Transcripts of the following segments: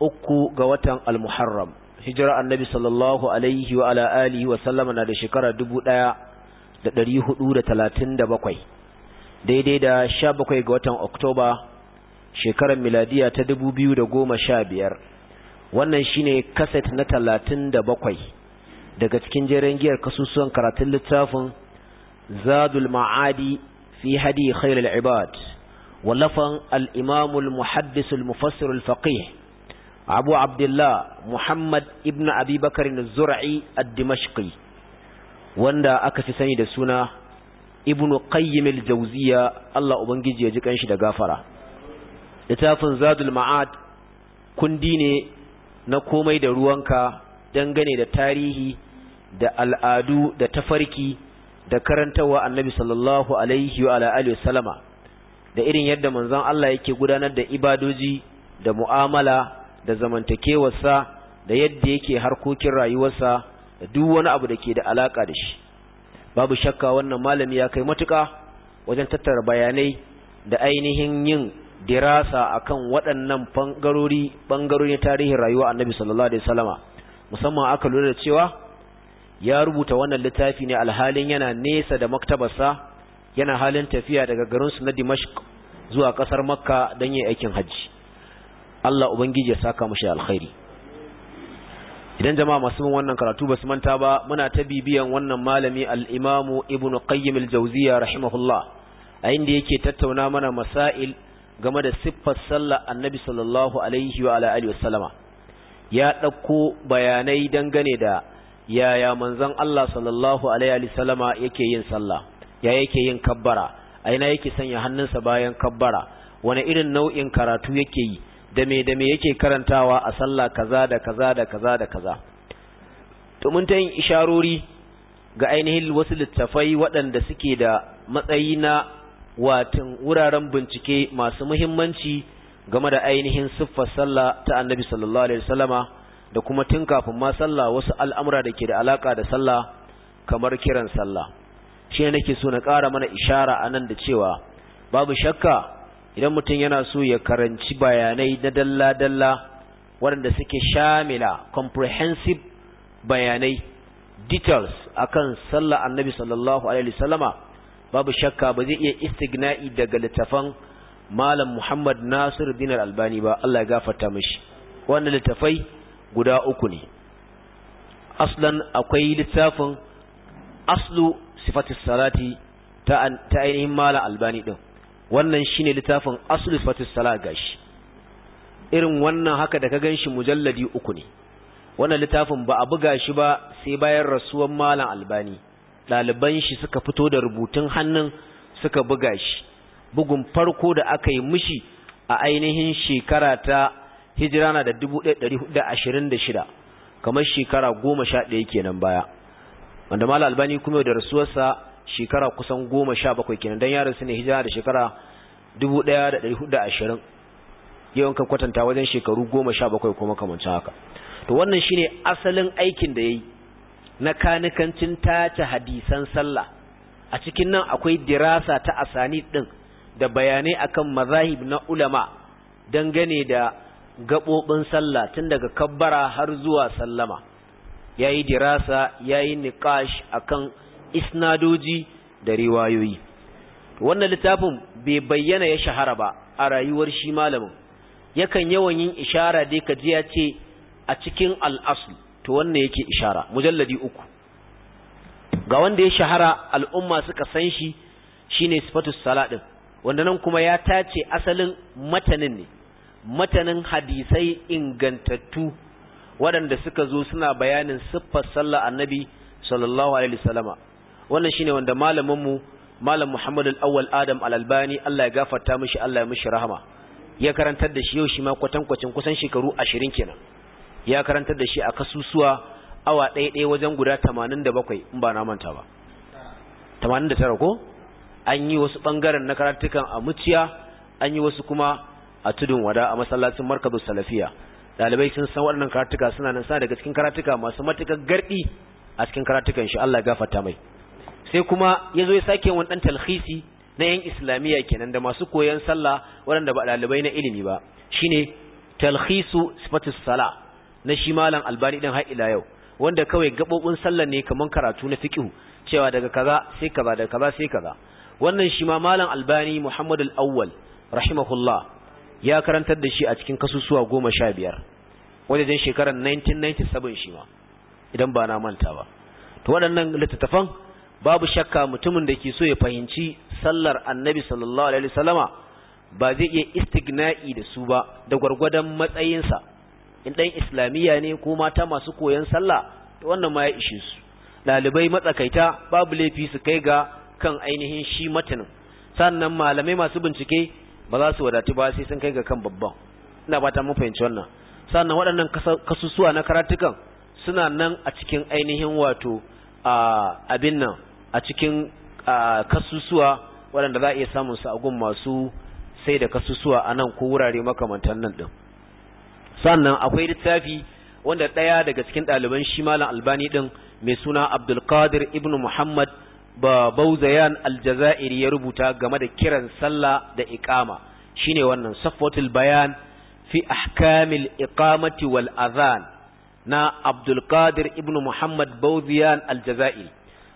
uku ga watan al-muharram hijira annabi sallallahu alaihi wa ala alihi wa sallama na da shekara bakwai daidai da bakwai ga watan oktoba shekarar miladiya ta da goma sha biyar wannan shine kaset na talatin da bakwai daga cikin jeren giyar kasusuwan karatun littafin zadul ma'adi fi hadi khairul ibad wallafan al imamul muhaddisul mufassirul faqih abu abdullah muhammad ibn abubakar bakarin zura'i ad-dimashqi wanda aka fi sani da suna ibn qayyim al-jawziya Allah ubangiji ya ji kanshi da gafara littafin zadul ma'ad kundi ne na komai da ruwanka dangane da tarihi da al'adu da tafarki da karantawa annabi sallallahu alaihi wa alihi da irin yadda manzon Allah yake gudanar da ibadoji da mu'amala da zamantakewarsa da yadda yake harkokin rayuwarsa da duk wani abu da ke da alaka da shi babu shakka wannan malami ya kai matuka wajen tattara bayanai da ainihin yin dirasa akan waɗannan bangarori bangarorin tarihin rayuwa annabi sallallahu alaihi wasallama musamman aka lura da cewa ya rubuta wannan littafi ne alhalin yana nesa da maktabarsa yana halin tafiya daga garinsu na Dimashq zuwa ƙasar Makka don yin aikin hajji Allah ubangiji ya saka mushi alkhairi idan jama'a masu mun wannan karatu basu manta ba muna ta bibiyan wannan malami al-Imam Ibn Qayyim al-Jawziyya rahimahullah a inda yake tattauna mana masail game da siffar sallar Annabi sallallahu alaihi wa alihi wasallama ya dauko bayanai dangane da yaya manzon Allah sallallahu alaihi sallama yake yin sallah ya yake yin kabbara aina yake sanya hannunsa bayan kabbara wani irin nau'in karatu yake yi da me da me yake karantawa a sallah kaza da kaza da kaza da kaza to mun ta yin isharori ga ainihin wasu littafai waɗanda suke da matsayi na watan wuraren bincike masu muhimmanci game da ainihin siffar sallah ta annabi sallallahu alaihi wasallama da kuma tun kafin ma sallah wasu al'amura da ke da alaka da sallah kamar kiran sallah shi ne nake so na ƙara mana ishara a nan da cewa babu shakka idan mutum yana so ya karanci bayanai na dalla-dalla waɗanda suke shamila comprehensive bayanai details kan Sallah annabi sallallahu alaihi wasallama babu shakka ba zai iya istigna'i daga littafan malam Muhammad Nasiru Dinar Albani ba Allah ya gafarta mashi. wannan littafai guda uku ne aslan akwai littafin aslu sifatis salati ta ainihin malam Albani din wannan shine littafin aslu fatis sala irin wannan haka da ka ganshi mujalladi uku ne wannan littafin ba a buga shi ba sai bayan rasuwan malam albani ɗaliban shi suka fito da rubutun hannun suka buga shi bugun farko da aka yi mishi a ainihin shekara ta hijira na da 1426 kamar shekara goma ɗaya kenan baya wanda malam albani kuma da rasuwarsa shekara kusan goma sha bakwai kenan don yaron su ne hijira da shekara dubu ɗaya da ɗari hudu da ashirin yawan kan kwatanta wajen shekaru goma sha bakwai kuma kamancin haka to wannan shine asalin aikin da ya yi na kanikancin tace hadisan sallah a cikin nan akwai dirasa ta asani ɗin da bayanai akan mazahib na ulama dangane da gaɓoɓin sallah tun daga kabbara har zuwa sallama ya yi dirasa ya yi niƙash akan isnadoji da riwayoyi wannan littafin bai bayyana ya shahara ba a rayuwar shi malamin yakan yawan yin ishara dai ka ji ce a cikin al'asul to wannan yake ishara mujalladi uku ga wanda ya shahara al'umma suka san shi shine sifatus saladin wanda nan kuma ya tace asalin matanin ne matanin hadisai ingantattu waɗanda suka zo suna bayanin siffar sallar annabi sallallahu alaihi wasallama wannan shine wanda malamin mu malam Muhammad al-Awwal Adam al-Albani Allah ya gafarta mishi Allah ya mishi rahama ya karantar da shi yau shi ma kwatankwacin kusan shekaru 20 kenan ya karantar da shi a kasusuwa awa ɗaya ɗaya wajen guda 87 in ba na manta ba 89 ko an yi wasu bangaren na karatukan a muciya an yi wasu kuma a tudun wada a masallacin markazu salafiya dalibai sun san waɗannan karatuka suna nan sa daga cikin karatuka masu matukar gardi a cikin karatukan shi Allah ya gafarta mai sai kuma ya zo ya sake wani ɗan talhisi na yan islamiyya kenan da masu koyon sallah waɗanda ba ɗalibai na ilimi ba shine talhisu sifatus sala na shi malam albani ɗin har ila yau wanda kawai gabobin sallah ne kaman karatu na fiƙihu, cewa daga kaza sai kaza daga kaza sai kaza wannan shi ma malam albani muhammad al rahimahullah ya karantar da shi a cikin kasusuwa goma sha biyar wajen shekarar 1997 shi ma idan ba na manta ba to waɗannan littattafan babu shakka mutumin da ke so ya fahimci sallar annabi sallallahu alaihi wasallama ba zai iya istigna'i da su ba da gwargwadon matsayinsa in ɗan islamiyya ne ko mata masu koyon sallah to wannan ma ya ishe su ɗalibai matsakaita babu laifi su kai ga kan ainihin shi matanin sannan malamai masu bincike ba za su wadatu ba sai sun kai ga kan babban ina fata mun fahimci wannan sannan waɗannan kasusuwa na karatukan suna nan a cikin ainihin wato abin nan a cikin kasusuwa waɗanda za a iya samun su a gun masu sai da kasusuwa a nan ko wurare makamantan nan ɗin. sannan akwai littafi wanda ɗaya daga cikin ɗaliban shi malam albani ɗin mai suna abdulkadir Ibn muhammad ba bauzayan aljazairi ya rubuta game da kiran sallah da iqama shine wannan safwatul bayan fi ahkamil iqamati wal adhan na abdulkadir ibnu muhammad bauzayan aljazairi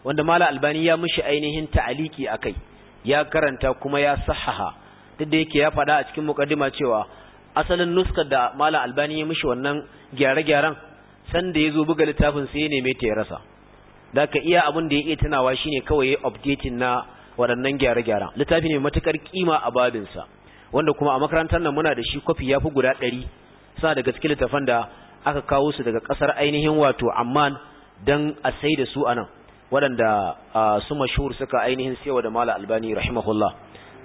wanda mala albani ya mishi ainihin ta'aliki akai ya karanta kuma ya sahaha duk da yake ya faɗa a cikin mukaddima cewa asalin nuskar da mala albani ya mishi wannan gyare-gyaren san da ya zo buga littafin sai ya neme ta ya rasa da ka iya abin da ya iya tunawa shine kawai ya updating na waɗannan gyare-gyaren littafi ne matukar kima a babinsa wanda kuma a makarantar nan muna da shi kwafi ya fi guda ɗari sa daga cikin littafan da aka kawo su daga kasar ainihin wato amman dan a sai da su anan. waɗanda su mashur suka ainihin sayawa da mala albani rahimahullah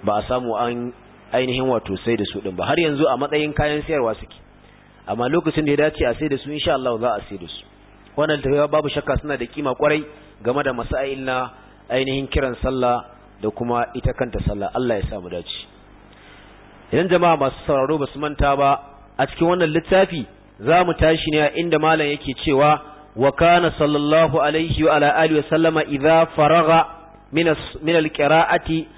ba a samu an ainihin wato sai da su din ba har yanzu a matsayin kayan siyarwa suke amma lokacin da ya dace a sai da su insha Allah za a sai da su wannan tafiya babu shakka suna da kima kwarai game da masail na ainihin kiran sallah da kuma ita kanta sallah Allah ya sa mu dace idan jama'a masu sauraro basu manta ba a cikin wannan littafi za mu tashi ne inda malam yake cewa wa kana sallallahu alaihi wa ala alihi wa sallama idza faragha min al-qira'ati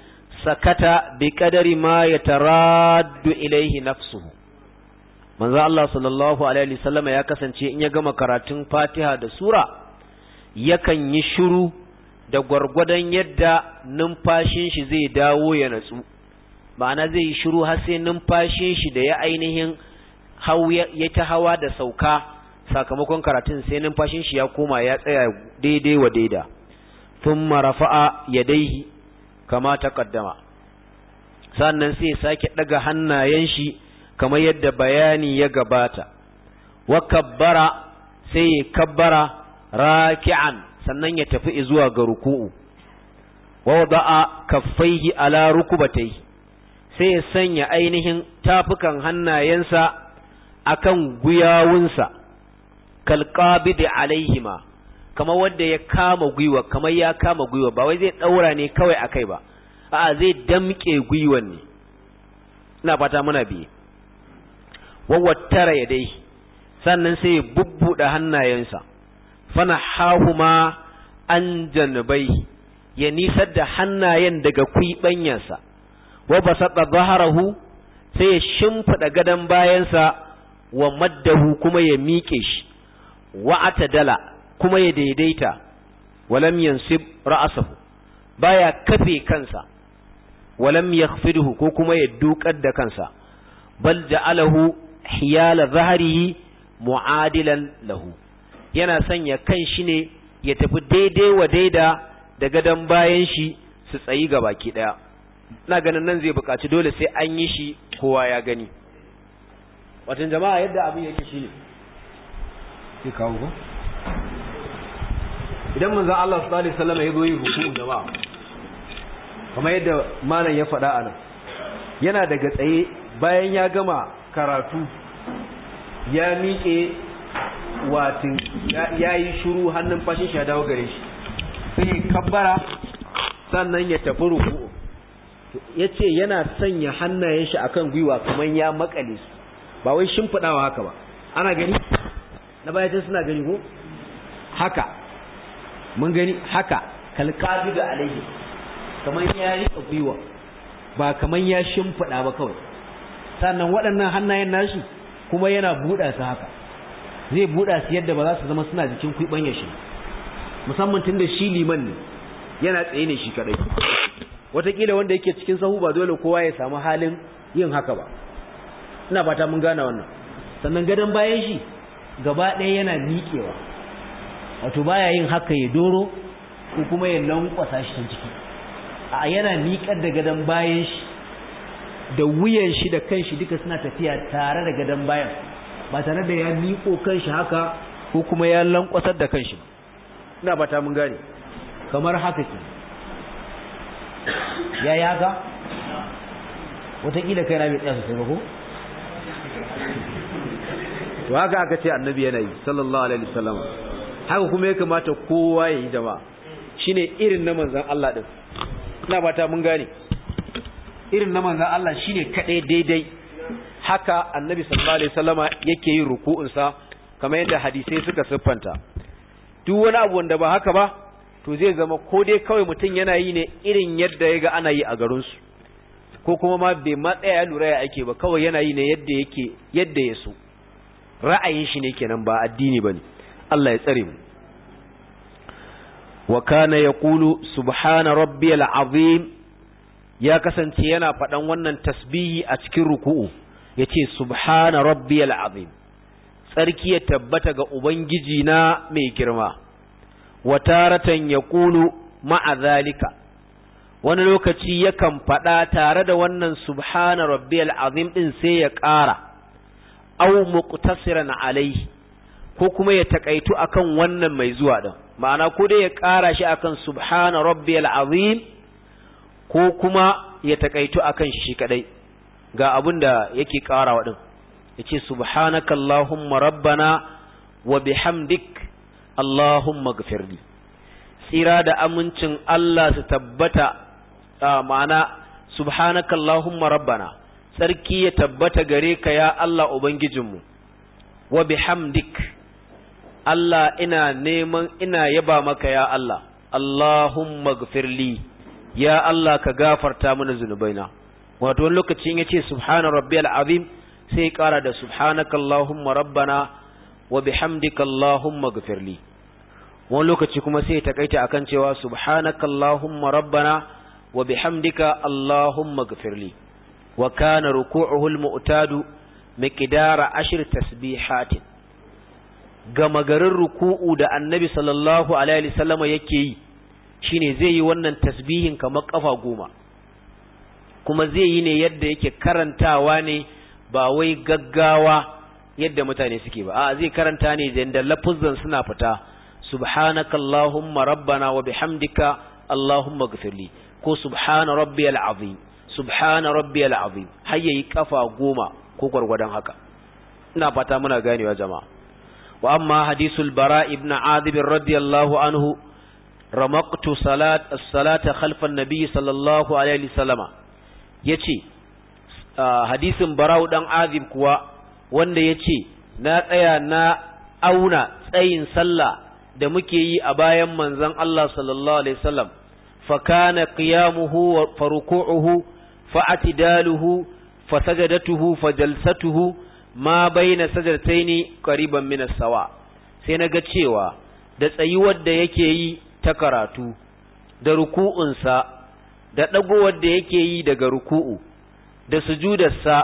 sakata bi qadari ma yataraddu ilaihi nafsuhu manzo Allah sallallahu alaihi wa sallama ya kasance in ya gama karatun Fatiha da sura yakan yi shiru da gwargwadon yadda numfashin shi zai dawo ya natsu ma'ana zai yi shiru har sai numfashin shi da ya ainihin ya ta hawa da sauka sakamakon karatun sai numfashin shi ya koma ya tsaya daidai wa daida marafa'a ya daihi kama ta kaddama sannan sai ya sake daga hannayen shi kamar yadda bayani ya gabata wa kabbara sai ya kabbara raki'an sannan ya tafi zuwa ga ruku'u wa wada'a kaffaihi ala rukubatai sai ya sanya ainihin tafukan hannayensa akan guyawunsa kalqabidi alaihima kamar wanda ya kama gwiwa kamar ya kama gwiwa ba wai zai daura ne kawai akai ba a'a zai damke gwiwan ne ina fata muna biye wawattara ya dai sannan sai ya bubbuɗe hannayensa fana hahuma an janabai ya nisar da hannayen daga kwiɓanyarsa wa basaɗa zaharahu sai ya shimfiɗa gadon bayansa wa maddahu kuma ya miƙe shi wa dala kuma ya daidaita walam yansib ra'asahu baya kafe kansa walam yakhfidhu ko kuma ya dukar da kansa bal ja'alahu hiyala zahrihi mu'adilan lahu yana sanya kan shi ne ya tafi daidai wa daida da gadon bayan shi su tsayi ga baki daya ina ganin nan zai bukaci dole sai an yi shi kowa ya gani watan jama'a yadda abin yake ne. sai kawo ba idan manzan Allah sallallahu alaihi wasallam ya zo yi hukumu jama'a kamar yadda malam ya faɗa anan yana daga tsaye bayan ya gama karatu ya miƙe watin ya yi shuru hannun fashin shi ya dawo gare shi sai kabbara sannan ya tafi ruku ya ce yana sanya hannayen shi akan gwiwa kamar ya makale su ba wai shimfiɗawa haka ba ana gani na baya can suna gani ko haka mun gani haka kalkafi da alaihi kamar ya riƙa gwiwa ba kamar ya shimfiɗa ba kawai sannan waɗannan hannayen nashi kuma yana buɗa su haka zai buɗa su yadda ba za su zama suna jikin kwiɓan ya shi musamman tun da shi liman ne yana tsaye ne shi kaɗai wataƙila wanda yake cikin sahu ba dole kowa ya samu halin yin haka ba ina fata mun gana wannan sannan gadon bayan shi gaba ɗaya yana miƙewa wato baya yin haka ya doro ko kuma ya lankwasa shi ta jiki a yana miƙar da gadon bayan shi da wuyan shi da kan shi duka suna tafiya tare da gadon bayan ba tare da ya miƙo shi haka ko kuma ya lankwasar da kan shi. ina ba ta mun gane kamar haka ke ya yi haka wataƙila kai na bai tsaya sosai ba ko to haka aka ce annabi yana yi sallallahu alaihi wasallam haka kuma ya kamata kowa ya yi jama'a shine irin na manzon Allah din ina bata mun gane irin na manzon Allah shine kadai daidai haka annabi sallallahu alaihi wasallam yake yin ruku'un sa kamar yadda hadisai suka siffanta duk wani abu wanda ba haka ba to zai zama ko dai kawai mutum yana yi ne irin yadda yaga ana yi a garin su ko kuma ma bai matsaya lura ya ake ba kawai yana yi ne yadda yake yadda ya so ra'ayin shi ne kenan ba addini bane Allah ya tsare mu wa kana yaqulu subhana rabbiyal azim ya kasance yana faɗan wannan tasbihi a cikin ruku'u yace subhana rabbiyal azim tsarki ya tabbata ga ubangiji na mai girma wa taratan yaqulu ma'a zalika wani lokaci yakan faɗa tare da wannan subhana rabbiyal azim din sai ya ƙara aw muqtasiran alayhi ko kuma ya takaitu akan wannan mai zuwa din ma'ana ko dai ya ƙara shi akan subhana rabbiyal azim ko kuma ya takaitu akan shi kadai ga abin da yake karawa din yace subhanaka allahumma rabbana wa bihamdik allahumma ghfirli tsira da amincin Allah su tabbata ma'ana subhanaka allahumma rabbana Sarki ya tabbata gare ka ya Allah ubangijinmu wa bihamdik Allah ina neman ina yaba maka ya Allah Allahumma gfirli ya Allah ka gafarta mana zunubaina wato wani lokaci ya ce subhana rabbi al’azim sai kara da subhanaka allahumma rabbana wa bihamdika allahumma gfirli wani lokaci kuma sai a akan cewa subhanaka allahumma rabbana wa bihamdika allahumma gfirli wa kana ruku'uhu al-mu'tadu miqdara ashr tasbihatin gama garin ruku'u da annabi sallallahu alaihi wasallama yake yi shine zai yi wannan tasbihin kamar kafa goma kuma zai yi ne yadda yake karantawa ne ba wai gaggawa yadda mutane suke ba A'a zai karanta ne da lafuzan suna fita subhanakallahumma rabbana wa bihamdika allahumma ghfirli ko subhana rabbiyal azim subhana rabbiyal azim har yayi kafa goma ko gwargwadon haka ina fata muna ganewa jama'a wa amma hadisul bara ibn azib radiyallahu anhu ramaqtu salat as-salata khalfa an-nabi sallallahu alaihi wasallama yace hadisin barau dan azib kuwa wanda yace na tsaya na auna tsayin sallah da muke yi a bayan manzon Allah sallallahu alaihi wasallam fa kana qiyamuhu wa ruku'uhu fa'atidaluhu fasajadatuhu tuhu ma baina sajadataini qariban min as sai naga cewa da tsayuwar da yake yi ta karatu da ruku'unsa da dagowar da yake yi daga ruku'u da sujudarsa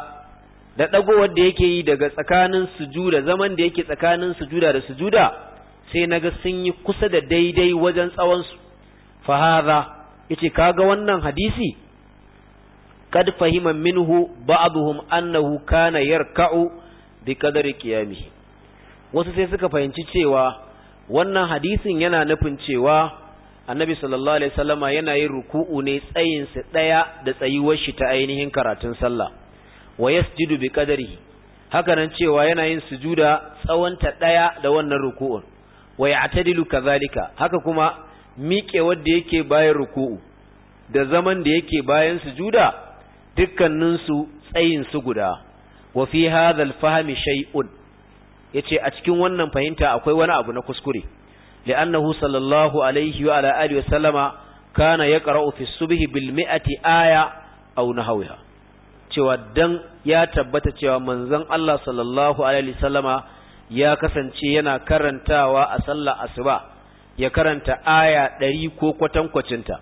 da dagowar da yake yi daga tsakanin sujuda zaman da yake tsakanin sujuda da sujuda sai naga sun yi kusa da daidai wajen tsawon su fa hadha yace kaga wannan hadisi قد فهم منه بعضهم أنه كان يركع بقدر قيامه wasu sai suka fahimci cewa wannan hadisin yana nufin cewa annabi sallallahu alaihi wasallama yana yin ruku'u ne tsayin sa daya da tsayuwar shi ta ainihin karatun sallah wa yasjudu bi qadarihi haka nan cewa yana yin sujuda tsawon ta daya da wannan ruku'un wa ya'tadilu kazalika haka kuma miƙe wanda yake bayan ruku'u da zaman da yake bayan sujuda dukkaninsu tsayinsu guda wa fi hadha al-fahmi shay'un yace a cikin wannan fahimta akwai wani abu na kuskure li'annahu sallallahu alaihi wa ala alihi wa sallama kana yaqra'u fi subhi bil mi'ati aya aw nahwiha cewa dan ya tabbata cewa manzon Allah sallallahu alaihi wa sallama ya kasance yana karantawa a sallar asuba ya karanta aya 100 ko kwatankwacinta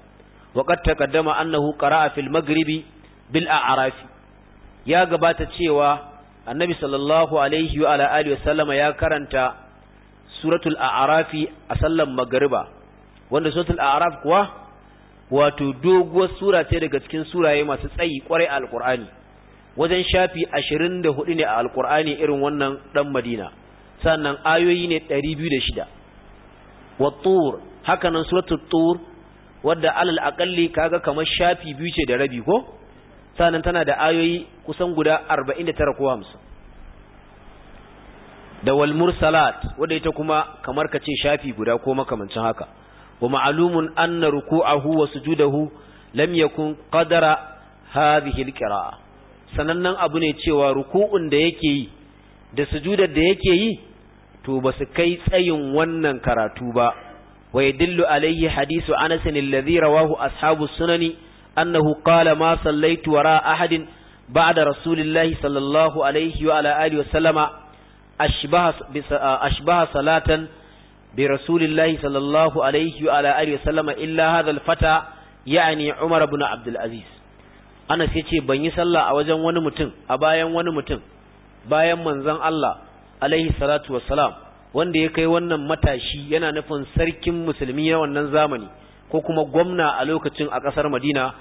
Waƙar qad taqaddama annahu qara'a fil maghribi bil a'rafi ya gabata cewa annabi sallallahu alaihi wa alihi wasallama ya karanta suratul a'rafi a sallan magariba wanda suratul a'raf kuwa wato doguwar sura ce daga cikin suraye masu tsayi kwarai alqur'ani wajen shafi 24 ne a alqur'ani irin wannan dan madina sannan ayoyi ne 206 wa tur hakanan suratul tur wadda alal aqalli kaga kamar shafi biyu ce da rabi ko sanan tana da ayoyi kusan guda 49 ko 50 da wal mursalat wanda ita kuma kamar kace shafi guda ko makamancin haka wa ma'lumun anna ruku'ahu wa sujudahu lam yakun qadara hadhihi alqira'a nan abu ne cewa ruku'un da yake yi da sujudar da yake yi to ba su kai tsayin wannan karatu ba wa yadullu alayhi hadithu Anas alladhi rawahu ashabu sunani أنه قال ما صليت وراء أحد بعد رسول الله صلى الله عليه وعلى آله وسلم أشبه, أشبه صلاة برسول الله صلى الله عليه وعلى آله وسلم إلا هذا الفتى يعني عمر بن عبد العزيز Anas ya ce ban yi sallah a wajen wani mutum a bayan wani bayan manzon Allah alaihi salatu wassalam wanda ya kai wannan matashi yana nufin sarkin musulmi na wannan zamani ko kuma gwamna a lokacin a ƙasar madina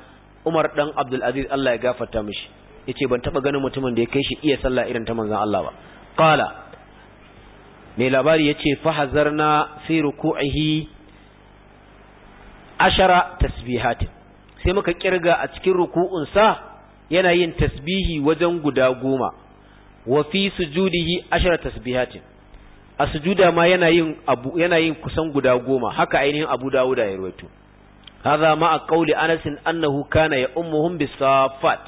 umar dan abdulaziz allah ya gafarta mishi ya ce ban taɓa ganin mutumin da ya kai shi iya sallah irin ta manzan allah ba kala mai labari ya ce fahazar na ko ahi ashara tasbihatin sai muka kirga a cikin ruku'unsa yana yin tasbihi wajen guda goma wa fi sujudihi ashara tasbihatin a sujuda ma yana yin abu yana yin kusan guda goma haka ainihin Abu Dawuda ya rawaito hadha ma a qauli Anas annahu kana ya ummuhum bisafat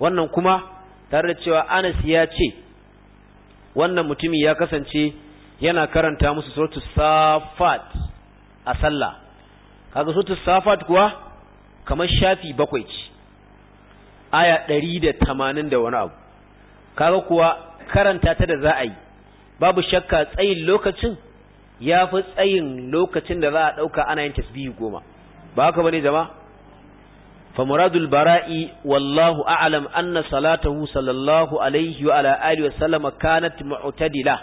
wannan kuma tare da cewa Anas ya ce wannan mutumi ya kasance yana karanta musu suratul safat a sallah kaga suratul safat kuwa kamar shafi bakwai ce aya 180 da wani abu kaga kuwa karanta ta da za a yi babu shakka tsayin lokacin ya fi tsayin lokacin da za a ɗauka ana yin tasbihi goma ba haka bane jama fa muradul bara'i wallahu a'lam anna salatahu sallallahu alaihi wa ala alihi wa sallama kanat mu'tadila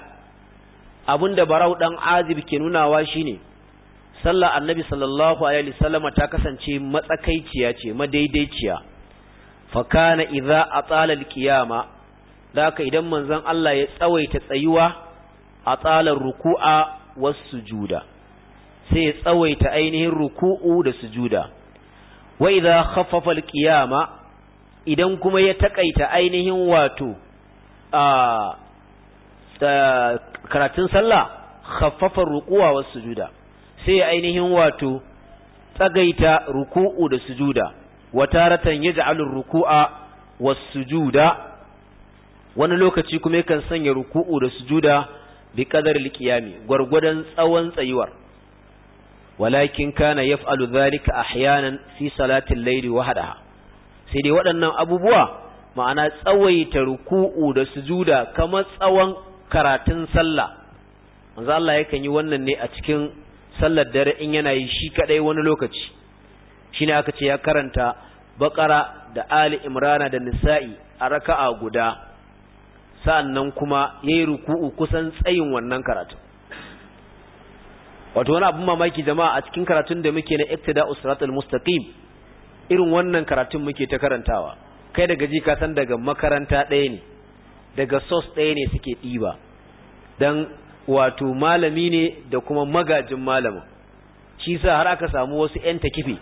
abinda barau dan azib ke nunawa shine sallar annabi sallallahu alaihi wa sallam ta kasance matsakaiciya ce madaidaiciya fa kana idza atala al zaka idan manzon Allah ya tsawaita tsayuwa a tsalar ruku'a was juda. sai tsawaita ainihin ruku'u da juda wai za khaffafa ƙiyama. idan kuma ya taƙaita ainihin wato a karatun sallah khaffafa ruku'a was juda. sai ainihin wato tsagaita ruku'u da sujuda ya taratan yaj'alu ruku'a was juda. wani lokaci kuma yakan sanya ruku'u da sujuda bi qadar al gurgudan tsawon tsayuwar walakin kana yaf'alu dhalika ahyanan fi salati al-layli wahdaha sai dai waɗannan abubuwa ma'ana tsawaita ruku'u da sujuda kamar tsawon karatun sallah manzo Allah yakan yi wannan ne a cikin sallar dare in yana yi shi kadai wani lokaci shine aka ce ya karanta baqara da ali imrana da nisa'i a raka'a guda nan kuma ya yi ruku'u kusan tsayin wannan karatu wato wani abin mamaki jama'a a cikin karatun da muke na da’us ratul mustaqim irin wannan karatun muke ta karantawa kai daga ji kasan daga makaranta ɗaya ne daga sos ɗaya ne suke ɗiba Don wato malami ne da kuma magajin malama. shi sa har aka samu wasu ƴan takifi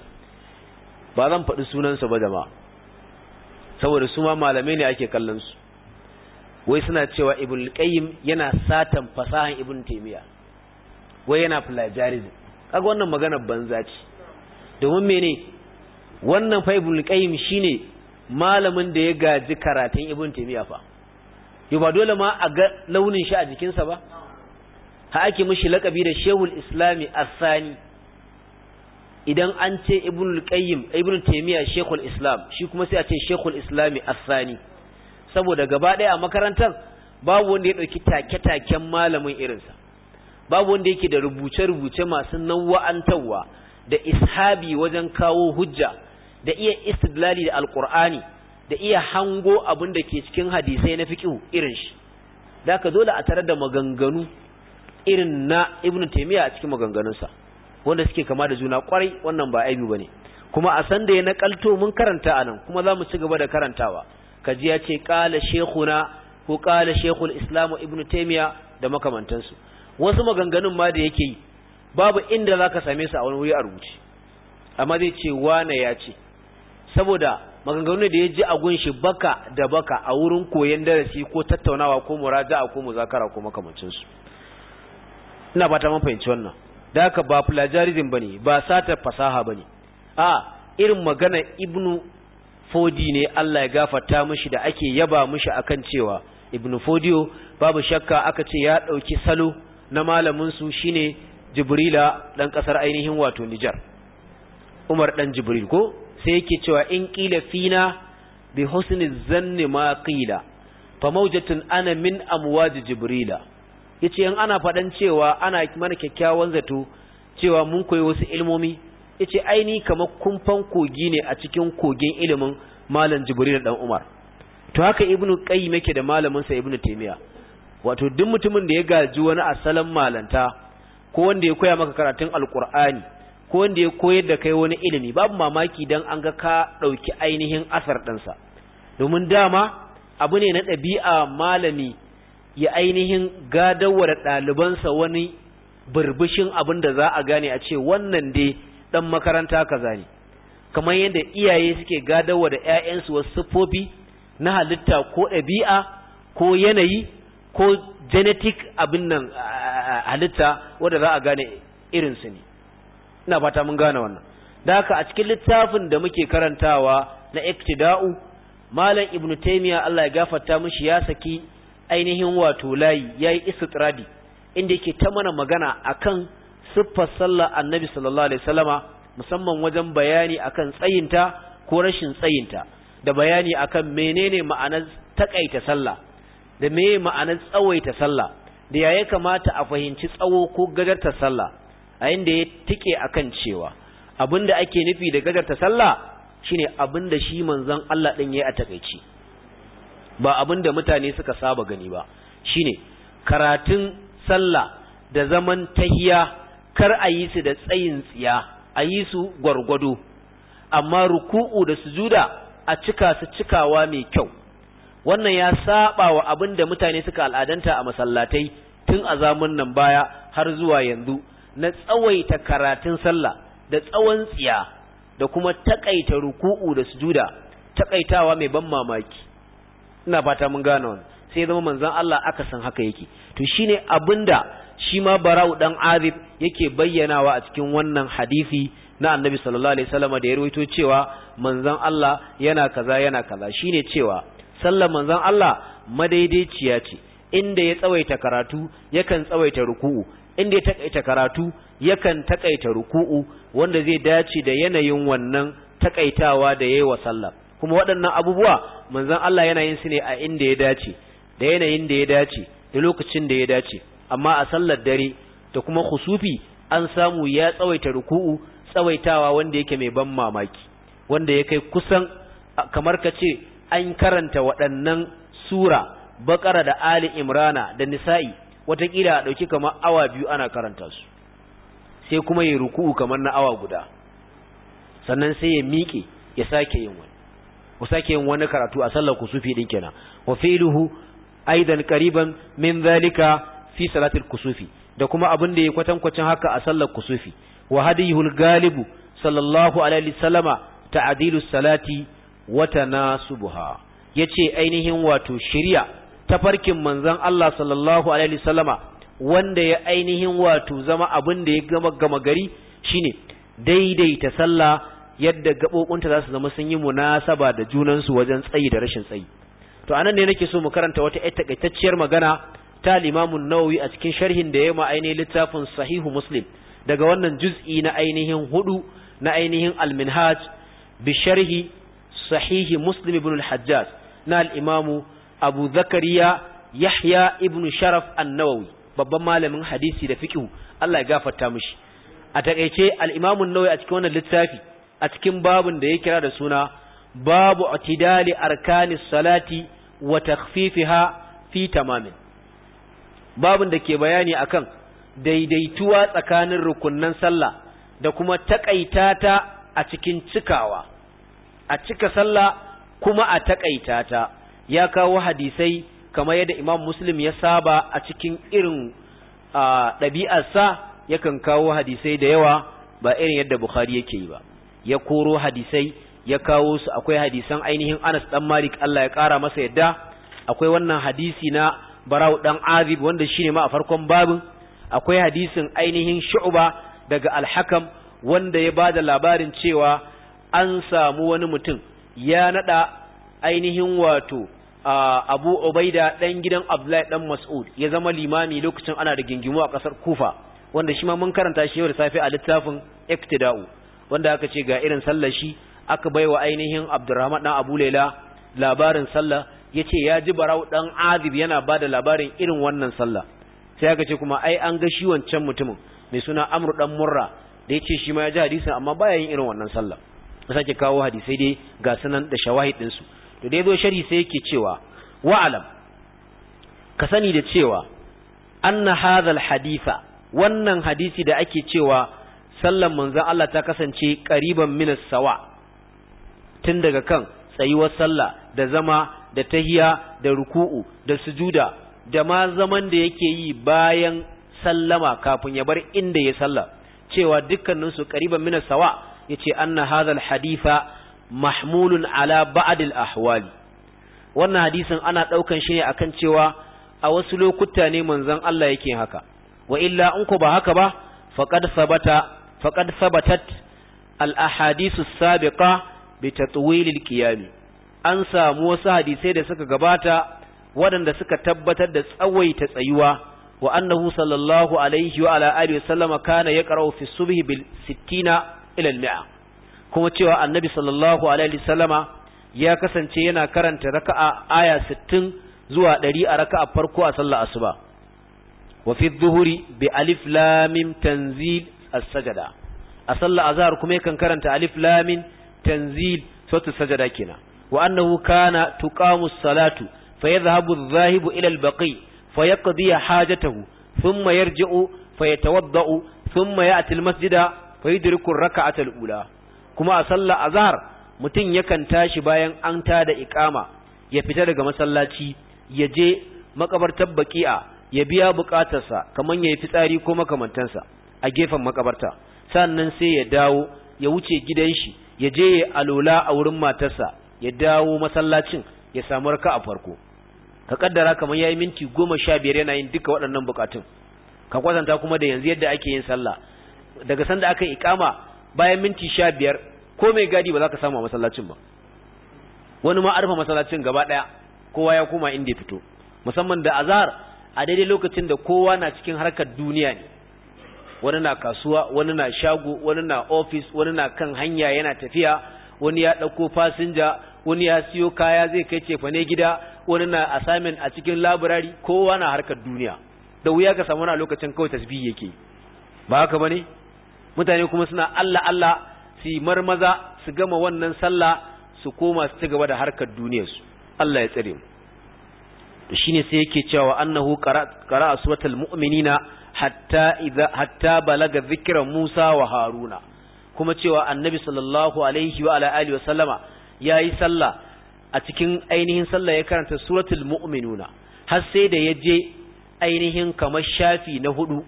ba zan faɗi sunansa ba jama'a saboda su ma malamai ne ake kallon su wai suna cewa ibn qayyim yana satan fasahan ibn taymiya wai yana plagiarism kaga wannan magana banza ce domin mene wannan fa ibn qayyim shine malamin da ya gaji karatun ibn taymiya fa yau ba dole ma a ga launin shi a jikinsa ba ha ake mishi lakabi da shehul islami asani idan an ce ibn qayyim ibn taymiya shehul islam shi kuma sai a ce shehul islami asani saboda gaba ɗaya a makarantar babu wanda ya ɗauki take-taken malamin irinsa babu wanda yake da rubuce-rubuce masu nawa'antarwa da ishabi wajen kawo hujja da iya istidlali da alkur'ani da iya hango abin da ke cikin hadisai na fiqh irin shi da ka dole a tare da maganganu irin na ibnu taimiyya a cikin maganganunsa wanda suke kama da juna kwarai wannan ba aibi ne kuma a san da ya nakalto mun karanta a nan kuma za mu ci gaba da karantawa kaji ya ce ƙala shekuna ko ƙala shekul islam ibn taimiyya da makamantansu wasu maganganun ma da yake yi babu inda za ka same su a wani wuri a rubuce amma zai ce wane ya ce saboda maganganun da ya ji a gunshi baka da baka a wurin koyon darasi ko tattaunawa ko muraja'a ko muzakara ko makamancinsu ina fata mun fahimci wannan da haka ba plagiarism bane ba satar fasaha bane a irin magana ibnu fodi ne Allah ya gafarta mushi da ake yaba mushi akan cewa Ibn fodiyo babu shakka aka ce ya ɗauki salo na malamin su shine jibrila ɗan ƙasar ainihin wato nijar umar dan jibril ko sai yake cewa in qila fina bi husni zanni ma qila fa mawjatun ana min amwaj jibrila yace in ana fadan cewa ana mana kyakkyawan zato cewa mun koyi wasu ilmomi yace aini kamar kumfan kogi ne a cikin kogin ilimin malam jibril dan umar to haka ibnu qayyim yake da malamin sa ibnu taymiya wato duk mutumin da ya gaji wani asalan malanta ko wanda ya koya maka karatun alqur'ani ko wanda ya koyar da kai wani ilimi babu mamaki dan an ga ka dauki ainihin asar ɗinsa domin dama abu ne na ɗabi'a malami ya ainihin gadawar ɗalibansa wani burbushin abin da za a gane a ce wannan dai dan makaranta kaza ne kamar yadda iyaye suke gadawa da 'ya'yansu wasu siffofi na halitta ko ɗabi'a ko yanayi ko genetic abin nan halitta wanda za a gane irinsu ne ina fata mun gane wannan da haka a cikin littafin da muke karantawa na iktida'u malam Ibn taymiya Allah ya gafarta mishi ya saki ainihin wato layi yayi istitradi inda yake ta mana magana akan siffar sallah annabi sallallahu alaihi wasallama musamman wajen bayani akan tsayinta ko rashin tsayinta da bayani akan menene ma'anar takaita sallah da meye ma'anar tsawaita sallah da yaya kamata a fahimci tsawo ko gadarta sallah a inda ya tike akan cewa abinda ake nufi da gadarta sallah shine abinda shi manzon Allah din yayi a takeici ba abinda mutane suka saba gani ba shine karatun sallah da zaman tahiya kar a yi su da tsayin tsiya a yi su gwargwado amma ruku'u da sujuda a cika su cikawa mai kyau wannan ya saba wa abin da mutane suka al'adanta a masallatai tun a zamun nan baya har zuwa yanzu na tsawaita karatun sallah da tsawon tsiya da kuma takaita ruku'u da sujuda takaitawa mai ban mamaki ina fata mun gane wannan sai zama manzon Allah aka san haka yake to shine abinda shi ma bara'u dan azib yake bayyanawa a cikin wannan hadisi na annabi sallallahu alaihi wasallam da ya rawaito cewa manzon Allah yana kaza yana kaza shine cewa sallar manzon Allah madaidaiciya ce inda ya tsawaita karatu yakan tsawaita ruku'u inda ya takaita karatu yakan takaita ruku'u wanda zai dace da yanayin wannan takaitawa da yayi wa sallah kuma waɗannan abubuwa manzon Allah yana yin su ne a inda ya dace da yanayin da ya dace da lokacin da ya dace amma a sallar dare da kuma khusufi an samu ya tsawaita ruku'u tsawaitawa wanda yake mai ban mamaki wanda ya kai kusan kamar ka ce an karanta waɗannan sura bakara da ali imrana da nisa'i watakila a ɗauki kamar awa biyu ana karanta su sai kuma ya ruku'u kamar na awa guda sannan sai ya miƙe ya sake yin wani ku sake yin wani karatu a sallar kusufi din kenan wa fi'luhu aidan qariban min zalika fi salatil kusufi da kuma abin da ya kwatankwacin haka a sallar kusufi wa hadiyul galibu sallallahu alaihi wasallama ta'dilu salati wa tanasubuha yace ainihin wato shirya tafarkin manzon Allah sallallahu alaihi wasallama wanda ya ainihin wato zama abin da ya gama gama gari shine daidaita sallah yadda gabobinta za su zama sun yi munasaba da junansu wajen tsayi da rashin tsayi to anan ne nake so mu karanta wata takaitacciyar magana Ta limamun nawawi a cikin sharhin da ya ma ainihin littafin sahihu muslim daga wannan juz'i na ainihin hudu na ainihin alminhaj bi sharhi sahihi muslim ibn al na al'imamu abu zakariya yahya ibn sharaf an-nawawi babban malamin hadisi da fikihu. Allah ya gafarta mishi a takeice al nawawi a cikin wannan littafi a cikin babun da ya kira da suna babu tidali arkanis salati wa takfifiha fi tamamin babin da ke bayani akan daidaituwa tsakanin rukunan sallah da kuma takaita ta a cikin cikawa a cika sallah kuma a takaita ta ya kawo hadisai kamar yadda Imam Muslim ya saba a cikin irin ɗabi'arsa yakan kawo hadisai da yawa ba irin yadda Bukhari yake yi ba ya koro hadisai ya kawo su akwai hadisan ainihin Anas ɗan Malik Allah ya ƙara masa yadda akwai wannan hadisi na barau dan azib wanda shine ma a farkon babin akwai hadisin ainihin shu'ba daga al-hakam wanda ya bada labarin cewa an samu wani mutum ya nada ainihin wato Abu Ubaida dan gidan Abdullahi dan Mas'ud ya zama limami lokacin ana da gingimu a kasar Kufa wanda shi ma mun karanta shi yau da a littafin Iktida'u wanda aka ce ga irin sallar shi aka baiwa ainihin Abdurrahman dan Abu Laila labarin sallah yace ya ji barau dan azib yana ba da labarin irin wannan sallah sai aka ce kuma ai an ga shi wancan mutumin mai suna amru dan murra da ya ce shi ma ya ji hadisin amma baya yin irin wannan sallah sai sake kawo hadisai dai ga sanan da shawahid ɗinsu su to dai zo shari sai yake cewa wa ka sani da cewa anna hadhal haditha wannan hadisi da ake cewa sallan manzon Allah ta kasance qariban minas sawa tun daga kan tsayuwar sallah da zama da tahiya da ruku'u da sujuda da ma zaman da yake yi bayan sallama kafin ya bar inda ya salla cewa dukkaninsu qariban min sawa yace anna hadal haditha mahmulun ala ba'd al-ahwali wannan hadisin ana daukan shi ne akan cewa a wasu lokuta ne manzon Allah yake haka wa illa in ba haka ba faqad sabata faqad sabatat al-ahadithu as-sabiqa bi tatwilil al an samu wasu hadisai da suka gabata waɗanda suka tabbatar da tsawaita tsayuwa wa annahu sallallahu alaihi wa ala alihi wasallama kana yaqra'u fi subhi bil 60 ila al 100 kuma cewa annabi sallallahu alaihi wasallama ya kasance yana karanta raka'a aya 60 zuwa 100 a raka'a farko a sallar asuba wa fi dhuhri bi alif lam mim tanzil as-sajada a sallar azhar kuma yakan karanta alif lam mim tanzil sautu sajada kenan wa annahu na tuqamu salatu fayadhhabu adh-dhahibu ila al-baqi fayaqdi hajatahu thumma yarji'u fayatawadda'u thumma ya'ti al-masjida fayudriku ar-rak'ata al-ula kuma a sallar azhar mutun yakan tashi bayan an tada iqama ya fita daga masallaci ya je maƙabartar baƙi a ya biya bukatarsa kaman yayi fitsari ko makamantansa a gefen makabarta sannan sai ya dawo ya wuce gidan shi ya je ya alola a wurin matarsa ya dawo masallacin ya samu raka a farko ka kaddara kamar yayi minti goma sha yana yin duka waɗannan bukatun ka kwatanta kuma da yanzu yadda ake yin sallah daga sanda aka ikama bayan minti sha biyar ko mai gadi ba za ka samu a masallacin ba wani ma arfa masallacin gaba ɗaya kowa ya koma inda ya fito musamman da azhar a daidai lokacin da kowa na cikin harkar duniya ne wani na kasuwa wani na shago wani na ofis wani na kan hanya yana tafiya wani ya dauko fasinja wani ya siyo kaya zai kai cefane gida wani na assignment a cikin laburari kowa na harkar duniya da wuya ka samu na lokacin kawai tasbihi yake ba haka bane mutane kuma suna Allah Allah su marmaza su gama wannan sallah su koma su gaba da harkar duniyar su Allah ya tsare mu to shine sai yake cewa annahu qara'a suratul mu'minina hatta idza hatta balaga dhikra Musa wa Haruna kuma cewa annabi sallallahu alaihi wa ala alihi wa sallama Ya yi sallah a cikin ainihin sallah ya karanta suratul mu'minuna har sai da ya je ainihin kamar shafi na hudu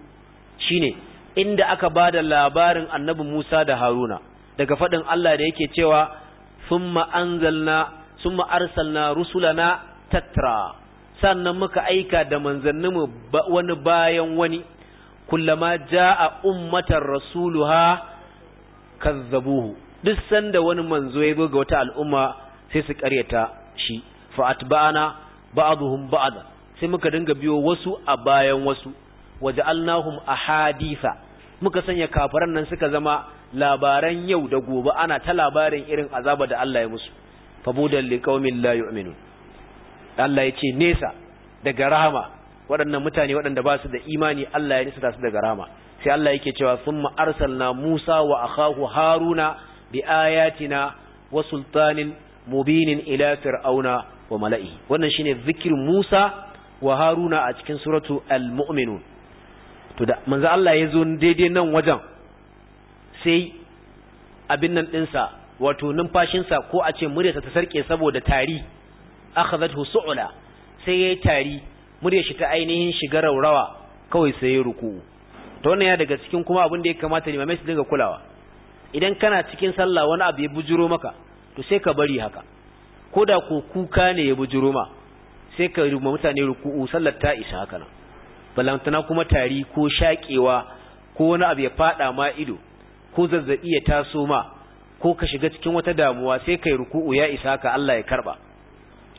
shine inda aka bada labarin annabi Musa da Haruna daga fadin Allah da yake cewa thumma anzalna thumma arsalna rusulana tatra sannan muka aika da manzanninmu wani bayan wani kullama jaa ummatar rasuluha kazzabuhu duk sanda wani manzo ya ga wata al'umma sai su karyata shi fa atba'ana ba'dhum ba'd sai muka dinga biyo wasu a bayan wasu waja'alnahum ahaditha muka sanya kafaran nan suka zama labaran yau da gobe ana ta labarin irin azaba da Allah ya musu Fa budal liqaumin la yu'minun Allah ya ce nesa daga rahama waɗannan mutane waɗanda ba su da imani Allah ya nisa su daga rahama sai Allah yake cewa summa arsalna Musa wa Akahu Haruna bi ayatina wa sultanin mubinin ila fir'auna wa mala'i wannan shine zikirin Musa wa Haruna a cikin suratu al-mu'minun to da manzo Allah ya zo daidai nan wajen sai abin nan dinsa wato numfashinsa ko a ce muryarsa ta sarke saboda tari akhadathu su'ula sai yayi tari muryar shi ta ainihin shiga raurawa kawai sai ya ruku to wannan ya daga cikin kuma abin da ya kamata limamai su dinga kulawa idan kana cikin sallah wani abu ya bujuro maka to sai ka bari haka ko da ko kuka ne ya bujuro ma sai ka rubuta mutane ruku'u sallar ta isa haka nan balantana kuma tari ko shakewa ko wani abu ya fada ma ido ko zazzabi ya taso ma ko ka shiga cikin wata damuwa sai kai ruku'u ya isa ka Allah ya karba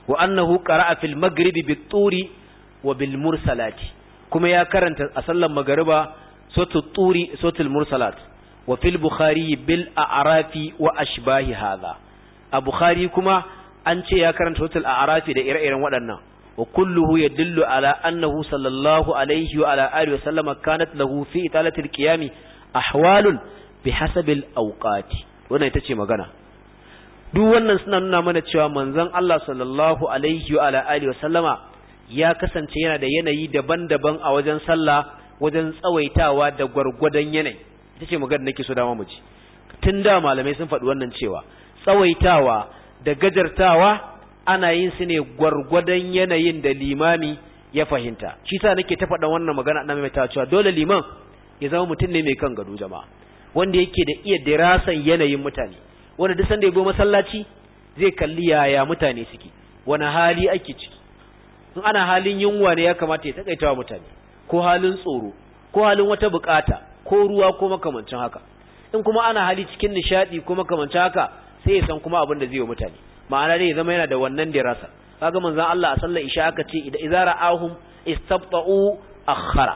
wa annahu qara'a fil maghribi bit turi wa bil mursalati kuma ya karanta a sallar magariba sotul turi sotul mursalat wa fil bukhari bil a'rafi wa ashbahi hadha a bukhari kuma an ce ya karanta suratul a'rafi da ire-iren waɗannan wa kulluhu yadullu ala annahu sallallahu alaihi wa ala alihi wa sallama kanat lahu fi italatil qiyami ahwalun bihasabil awqati wannan ita ce magana duk wannan suna nuna mana cewa manzon Allah sallallahu alaihi wa ala alihi wa sallama ya kasance yana da yanayi daban-daban a wajen sallah wajen tsawaitawa da gwargwadon yanayi ita ce magana nake so dama mu ji tun da malamai sun faɗi wannan cewa tsawaitawa da gajartawa ana yin su ne gwargwadon yanayin da limami ya fahimta shi sa nake ta faɗa wannan magana na mai cewa dole liman ya zama mutum ne mai kan gado jama'a wanda yake da iya dirasan yanayin mutane wanda duk sanda ya bo masallaci zai kalli yaya mutane suke wani hali ake ciki in ana halin yunwa ne ya kamata ya wa mutane ko halin tsoro ko halin wata bukata ko ruwa ko makamancin haka in kuma ana hali cikin nishadi ko makamancin haka sai ya san kuma abin da zai yi mutane ma'ana dai ya zama yana da wannan dirasa kaga manzon Allah a sallar isha aka ce idan idza ahum istabta'u akhara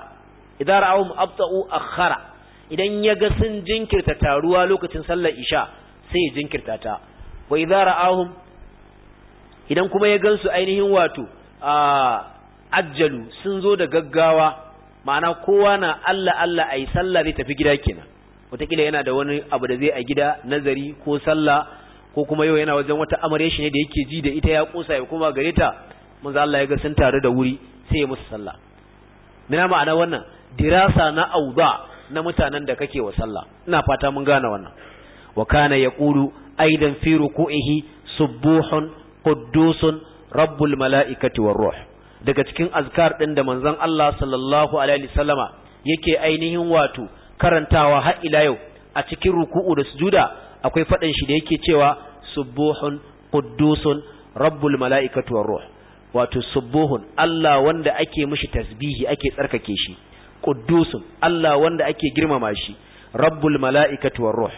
idza abta'u akhara idan ya ga sun jinkirta taruwa lokacin sallar isha sai ya jinkirta ta wa idza ahum idan kuma ya gansu ainihin wato a ajjalu sun zo da gaggawa ma'ana kowa na Allah Allah ayi sallah zai tafi gida kenan wataƙila yana da wani abu da zai a gida nazari ko sallah ko kuma yau yana wajen wata amare shi ne da yake ji da ita ya kosa ya kuma gare ta manzo Allah ya ga sun taru da wuri sai ya musu sallah mina ma'ana wannan dirasa na auza na mutanen da kake wa sallah ina fata mun gane wannan wa kana yaqulu aidan fi ruku'ihi subuhun quddusun rabbul mala'ikati war ruh daga cikin azkar ɗin da manzon Allah sallallahu alaihi wasallama yake ainihin wato karantawa har ila yau a cikin ruku'u da sujuda akwai faɗin shi da yake cewa subuhun quddusun rabbul mala'ikatu war ruh wato subuhun Allah wanda ake mishi tasbihi ake tsarkake shi quddusun Allah wanda ake girmama shi rabbul mala'ikatu war ruh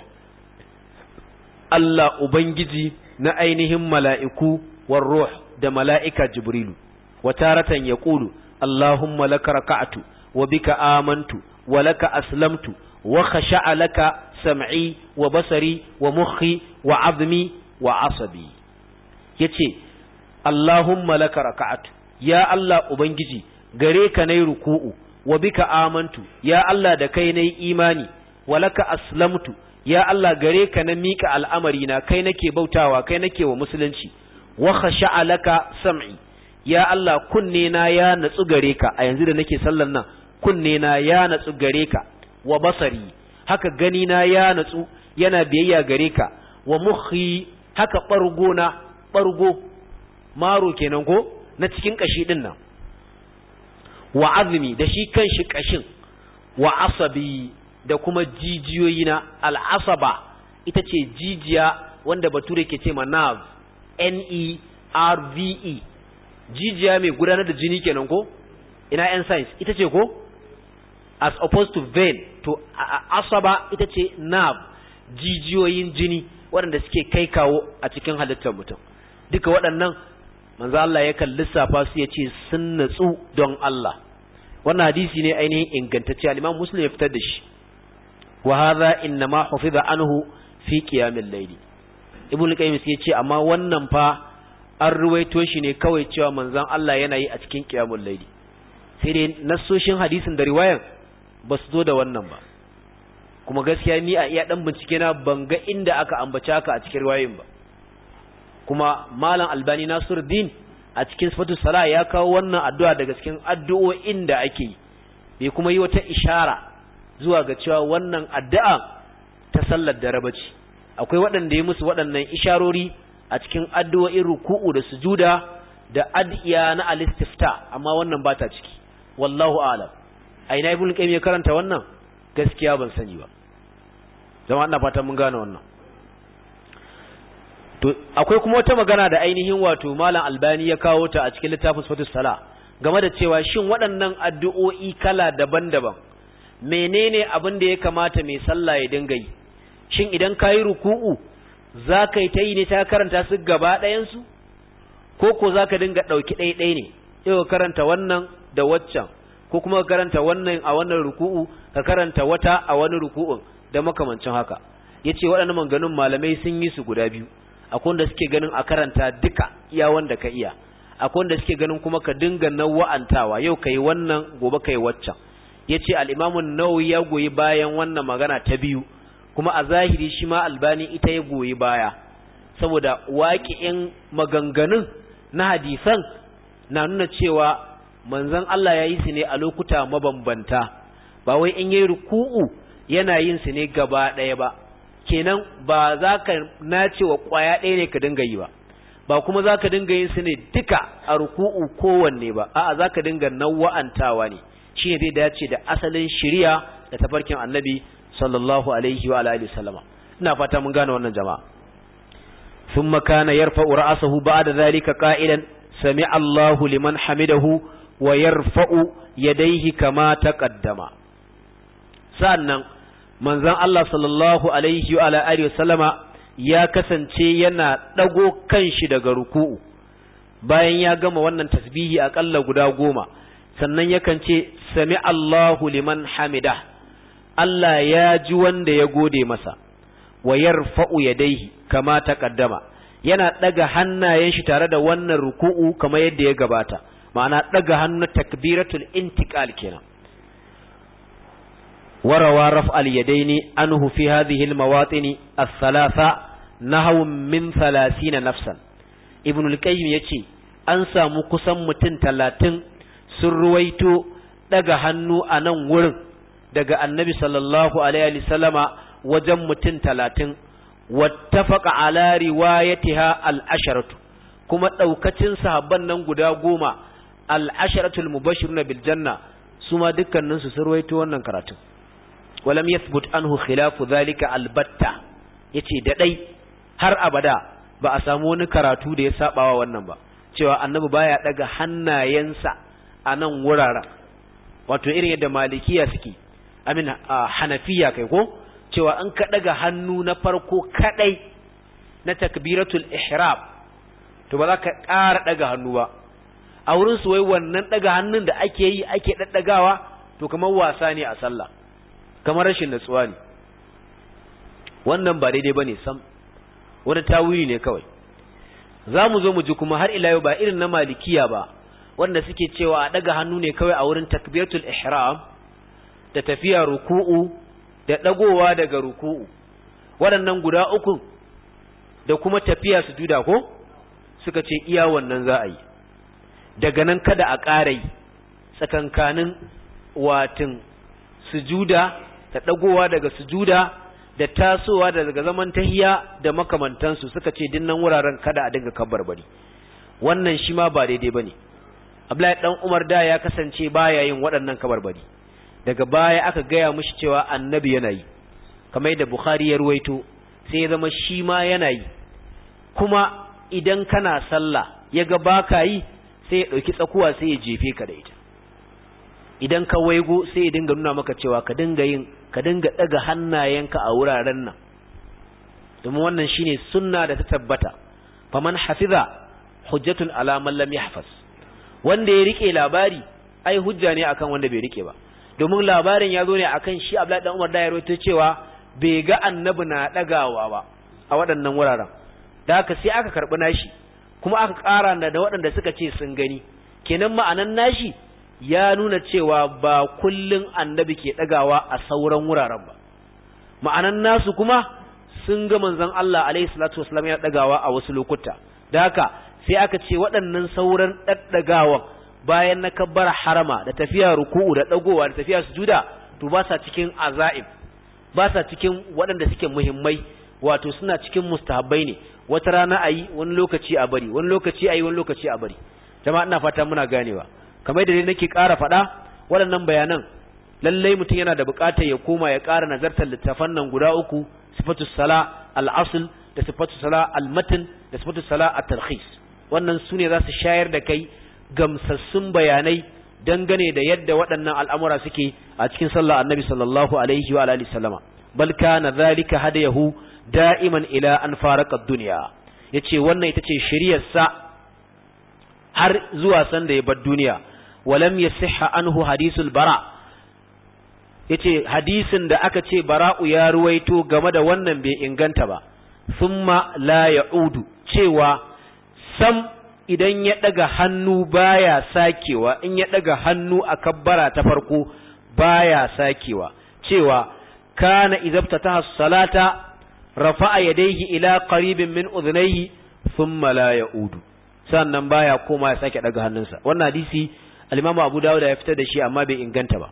Allah ubangiji na ainihin mala'iku war ruh da mala'ika jibrilu wa taratan yaqulu allahumma laka raka'tu wa bika amantu wa laka aslamtu wa laka sam'i wa basari wa mukhi wa 'azmi wa 'asabi yace allahumma laka raka'tu ya allah ubangiji gare ka nayi ruku'u wa bika amantu ya allah da kai nayi imani wa laka aslamtu ya allah gare ka na mika al'amari kai nake bautawa kai nake wa musulunci wa laka sam'i ya Allah kunne na ya natsu gare ka a yanzu da nake sallan nan kunne na ya natsu gare ka wa basari haka gani na ya natsu yana biyayya gare ka wa muhi haka bargo na bargo maro kenan ko na cikin kashi din nan wa azmi da shi kanshi kashin wa asabi da kuma jijiyoyi na al'asaba ita ce jijiya wanda bature ke ce ma nerve n e r v e jijiya mai gudanar da jini kenan ko ina yan science ita ce ko as opposed to vein to asaba ita ce nerve jijiyoyin jini waɗanda suke kai kawo a cikin halittar mutum duka waɗannan manzo Allah yakan lissafa su yace sun natsu don Allah wannan hadisi ne ainihin ingantacce al-Imam Muslim ya fitar da shi wa hadha inma hufiza anhu fi qiyamil layli ibnu qayyim sai ya ce amma wannan fa an ruwaito shi ne kawai cewa manzon Allah yana yi a cikin qiyamul laili sai dai nassoshin hadisin da riwayan ba su zo da wannan ba kuma gaskiya ni a iya dan bincike na ban ga inda aka ambace haka a cikin riwayoyin ba kuma malam albani nasiruddin a cikin sifatu sala ya kawo wannan addu'a daga cikin addu'o'in da ake yi bai kuma yi wata ishara zuwa ga cewa wannan addu'a ta sallar da rabaci akwai waɗanda ya musu waɗannan isharori a cikin addu'o'in ruku'u da sujuda da adiya na alistifta amma wannan ba ta ciki wallahu a'lam a ina ibn ya karanta wannan gaskiya ban sani ba zama ina fatan mun gane wannan akwai kuma wata magana da ainihin wato malam albani ya kawo ta a cikin littafin sifatus sala game da cewa shin waɗannan addu'o'i kala daban-daban menene abin da ya kamata mai sallah ya dinga yi shin idan kayi ruku'u za ka yi ta yi ne ta karanta su gaba ɗayansu ko ko za ka dinga ɗauki ɗaiɗai ne yau karanta wannan da waccan ko kuma ka karanta wannan a wannan ruku'u ka karanta wata a wani ruku'un da makamancin haka ya ce waɗannan manganun malamai sun yi su guda biyu a da suke ganin a karanta duka iya wanda ka iya a da suke ganin kuma ka dinga na wa'antawa yau ka yi wannan gobe ka yi waccan ya ce al'imamun nawawi ya goyi bayan wannan magana ta biyu kuma a zahiri shi ma albani ita ya goyi baya saboda waƙi'in maganganun na hadisan na nuna cewa manzan Allah ya yi su ne a lokuta mabambanta ba wai in yi ruku'u yana yin su ne gaba ɗaya ba kenan ba za ka na wa ƙwaya ɗaya ne ka dinga yi ba ba kuma za ka dinga yin su ne duka a ruku'u kowanne ba a'a za ka dinga nawa'antawa ne shi ne zai dace da asalin shirya da tafarkin annabi sallallahu alaihi wa alihi wasallama ina fata mun gane wannan jama'a thumma kana yarfa'u ra'sahu ba'da dhalika qa'ilan sami Allahu liman hamidahu wa yarfa'u yadayhi kama taqaddama sannan manzon Allah sallallahu alaihi wa alihi wasallama ya kasance yana dago kanshi daga ruku'u bayan ya gama wannan tasbihi akalla guda goma sannan yakan ce sami Allahu liman hamidah Allah ya ji wanda ya gode masa, wa yarfa'u yadaihi kama ta kaddama, yana ɗaga hannayen shi tare da wannan ruku’u kama yadda ya gabata, ma'ana ɗaga hannu takbiratul intiqal kenan. warawa raf'al yadaini anhu fi hadhihi almawatini as-salasa nahwun min 30 nafsan ibnu al yace an samu kusan mutum 30 sun ruwaito daga hannu a nan wurin daga annabi sallallahu alaihi wasallama wajen mutum talatin wattafaqa ala riwayatiha al-asharatu kuma daukacin sahabban nan guda goma al al mubashiruna bil janna su ma dukkanin su sarwaito wannan karatun walam yathbut anhu khilafu dhalika al-batta yace da dai har abada ba a samu wani karatu da ya sabawa wannan ba cewa annabi baya daga hannayensa a nan wuraren wato irin yadda malikiya suke amin hanafiya kai ko cewa an ka daga hannu na farko kadai na takbiratul ihram to ba za ka ƙara daga hannu ba a wurin su wai wannan daga hannun da ake yi ake daddagawa to kamar wasa ne a sallah kamar rashin natsuwa ne wannan ba daidai bane sam wani tawili ne kawai za mu zo mu ji kuma har ila yau ba irin na malikiya ba wanda suke cewa a daga hannu ne kawai a wurin takbiratul ihram da tafiya ruku'u da ɗagowa daga ruku'u waɗannan guda uku da kuma tafiya sujuda ko suka ce iya wannan za a yi daga nan kada a ƙarai tsakankanin watin sujuda da ɗagowa daga sujuda da tasowa daga zaman tahiya da makamantansu suka ce dinnan wuraren kada a dinga kabarbari wannan shi ma ba daidai ba ne Abdullahi dan Umar da ya kasance baya yin waɗannan kabarbari daga baya aka gaya mashi cewa annabi yana yi kamar da bukhari ya ruwaito sai ya zama shi ma yana yi kuma idan kana sallah ya ga baka yi sai ya ɗauki tsakuwa sai ya jefe ka da ita idan ka waigo sai ya dinga nuna maka cewa ka dinga yin ka dinga ɗaga hannayenka a wuraren nan domin wannan shine sunna da ta tabbata faman hafiza hujjatun ala man lam yahfaz wanda ya rike labari ai hujja ne akan wanda bai rike ba domin labarin ya zo ne a kan shi Abdullahi dan Umar da ya rawaito cewa bai ga annabi na dagawa ba a waɗannan wuraren da haka sai aka karɓi nashi kuma aka ƙara da waɗanda suka ce sun gani kenan ma'anan nashi ya nuna cewa ba kullum annabi ke ɗagawa a sauran wuraren ba ma'anan nasu kuma sun ga manzon Allah alaihi salatu wasallam ya dagawa a wasu lokuta da haka sai aka ce waɗannan sauran daddagawan bayan na kabbara harama da tafiya ruku'u da dagowa da tafiya sujuda to ba sa cikin azaib ba sa cikin waɗanda suke muhimmai wato suna cikin mustahabbai ne wata rana ayi wani lokaci a bari wani lokaci ayi wani lokaci a bari jama'a ina fata muna ganewa kamar da dai nake ƙara faɗa waɗannan bayanan lallai mutum yana da buƙatar ya koma ya ƙara nazartar littafan nan guda uku sifatu sala al-asl da sifatu sala al-matn da sifatu sala at-tarkhis wannan sune za su shayar da kai gamsassun bayanai dangane da yadda waɗannan al'amura suke a cikin sallah annabi sallallahu alaihi wa alihi sallama bal kana zalika yahu da'iman ila an faraka duniya. Ya yace wannan ita ce shiryarsa har zuwa sanda ya bar duniya walam yasihha anhu hadithul bara yace hadisin da aka ce bara'u ya ruwaito game da wannan bai inganta ba thumma la ya'udu cewa sam idan ya ɗaga hannu baya sakewa in ya ɗaga hannu a kabbara ta farko baya sakewa cewa kana ta salata rafa'a yadayhi ila qaribin min udhnayhi thumma la ya'udu sannan baya koma ya sake ɗaga hannunsa wannan hadisi al Abu Dawud ya fitar da shi amma bai inganta ba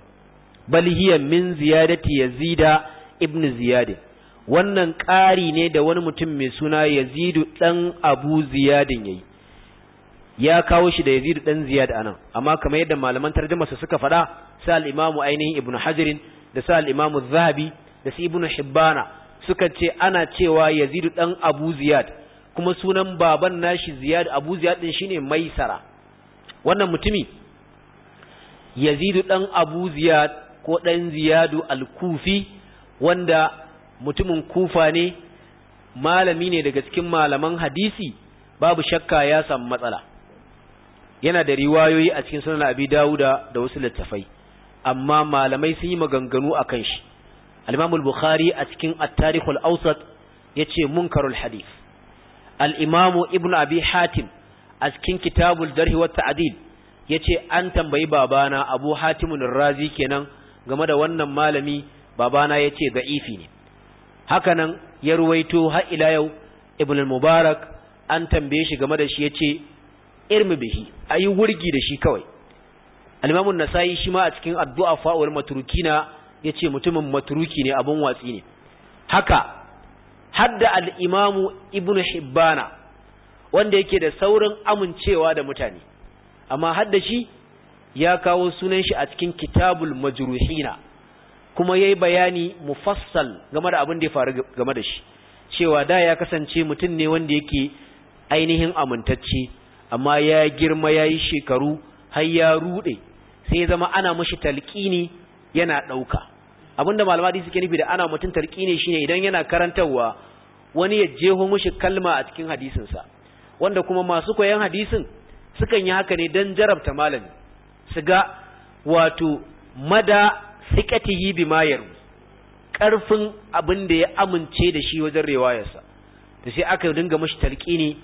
bal hiya min ziyadati yazida ibn ziyad wannan ƙari ne da wani mutum mai suna yazidu ɗan abu ziyadin yayi ya kawo shi da yazidu dan Ziyad anan amma kamar yadda malaman tarjuma su suka faɗa sa al-Imamu ainihin Ibn Hajar da sa al-Imamu Zahabi da su Ibn Hibbana suka ce ana cewa yazidu dan Abu Ziyad kuma sunan baban nashi Ziyad Abu Ziyad din shine Maisara wannan mutumi yazidu dan Abu Ziyad ko dan Ziyadu al-Kufi wanda mutumin Kufa ne malami ne daga cikin malaman hadisi babu shakka ya samu matsala yana da riwayoyi a cikin sunan abi dawuda da wasu littafai amma malamai sun yi maganganu a kan shi al al-bukhari a cikin at-tarikh al-awsat yace munkarul hadith al imamu ibnu abi hatim a cikin kitabul jarh wa ta'dil yace an tambayi babana abu hatim ar-razi kenan game da wannan malami babana yace da'ifi ne Haka nan ya ruwaito har ila yau ibn al-mubarak an tambaye shi game da shi yace irmi bihi ayi wurgi da shi kawai al-imamu nasai shi ma a cikin addu'a fa'ul ya yace mutumin maturuki ne abun watsi ne haka hadda al-imamu ibnu hibbana wanda yake da saurin amincewa da mutane amma hadda shi ya kawo sunan shi a cikin kitabul majruhina kuma yayi bayani mufassal game da abin da ya faru game da shi cewa da ya kasance mutum ne wanda yake ainihin amintacce amma ya girma ya yi shekaru har ya rude sai ya zama ana mashi talƙini yana ɗauka abinda malamadi suke nufi da ana mutum talƙini shine idan yana karantarwa wani ya jeho mashi kalma a cikin hadisinsa wanda kuma masu koyon hadisin sukan yi haka ne don jarabta malami su ga wato mada sikatihi bi mayar ƙarfin abin da ya amince da shi wajen riwayarsa to sai aka dinga mashi talƙini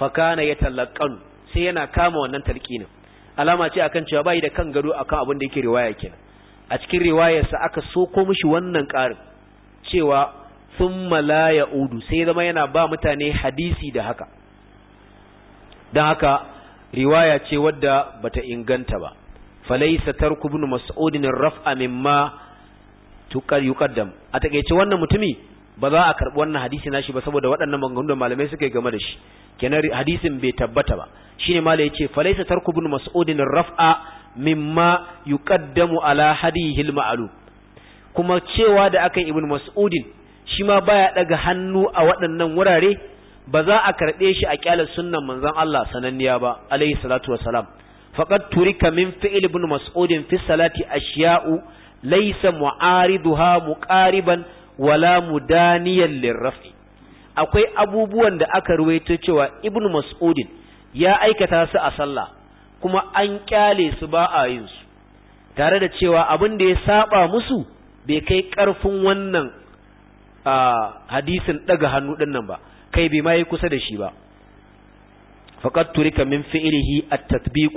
fakana ya talaqqanu sai yana kama wannan talqinin alama ce akan cewa bai da kan gado akan abin da yake riwaya kenan a cikin riwayarsa aka soko mishi wannan ƙarin cewa thumma la ya'udu sai zama yana ba mutane hadisi da haka dan haka riwaya ce wadda bata inganta ba falaysa tarku ibn mas'udin raf'a mimma tuqar yuqaddam a takeice wannan mutumi ba za a karbi wannan hadisi nashi ba saboda waɗannan maganganun da malamai suka yi game da shi kenan hadisin bai tabbata ba shine mala yace falaysa tarku ibn mas'udin raf'a mimma yuqaddamu ala hadihi al-ma'lum kuma cewa da akan ibn mas'udin shi ma baya daga hannu a waɗannan wurare ba za a karɓe shi a kyalar sunnan manzon Allah sananniya ba alayhi salatu wassalam faqad turika min fi'l ibn mas'udin fi salati ashiya'u laysa mu'ariduha muqariban wala mudaniyan lirraf'i akwai abubuwan da aka ruwaito cewa Ibn mas'udin ya aikata su a sallah kuma an kyale su ba a yin su tare da cewa abin da ya saba musu bai kai karfin wannan hadisin daga hannu din nan ba kai bai ma yi kusa da shi ba faqat turika min fi'lihi at tatbiq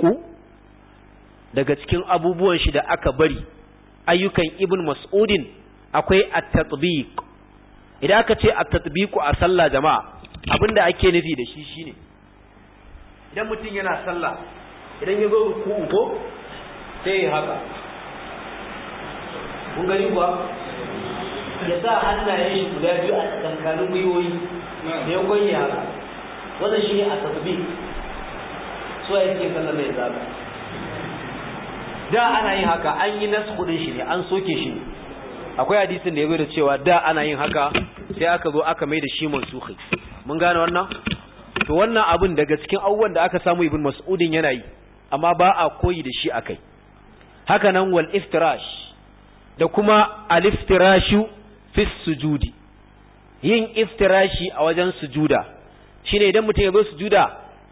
daga cikin abubuwan shi da aka bari ayyukan ibn mas'udin akwai at-tatbiq idan aka ce at-tatbiqu a sallah jama'a abinda ake nufi da shi shine idan mutum yana sallah idan ya zo ku ko sai haka kun gani kuwa ya sa hannayen shi guda biyu a tsakankanin gwiwoyi da ya gwanye haka wannan shi ne a so ya yake sallah mai zaba da ana yin haka an yi nasu kudin shi ne an soke shi ne akwai hadisin da ya da cewa da ana yin haka sai aka zo aka mai da shi mansukhi mun gane wannan to wannan abin daga cikin abubuwan da aka samu ibn mas'udin yana yi amma ba a koyi da shi akai haka nan wal iftirash da kuma al iftirashu fi sujudi yin iftirashi a wajen sujuda shine idan mutum ya zo sujuda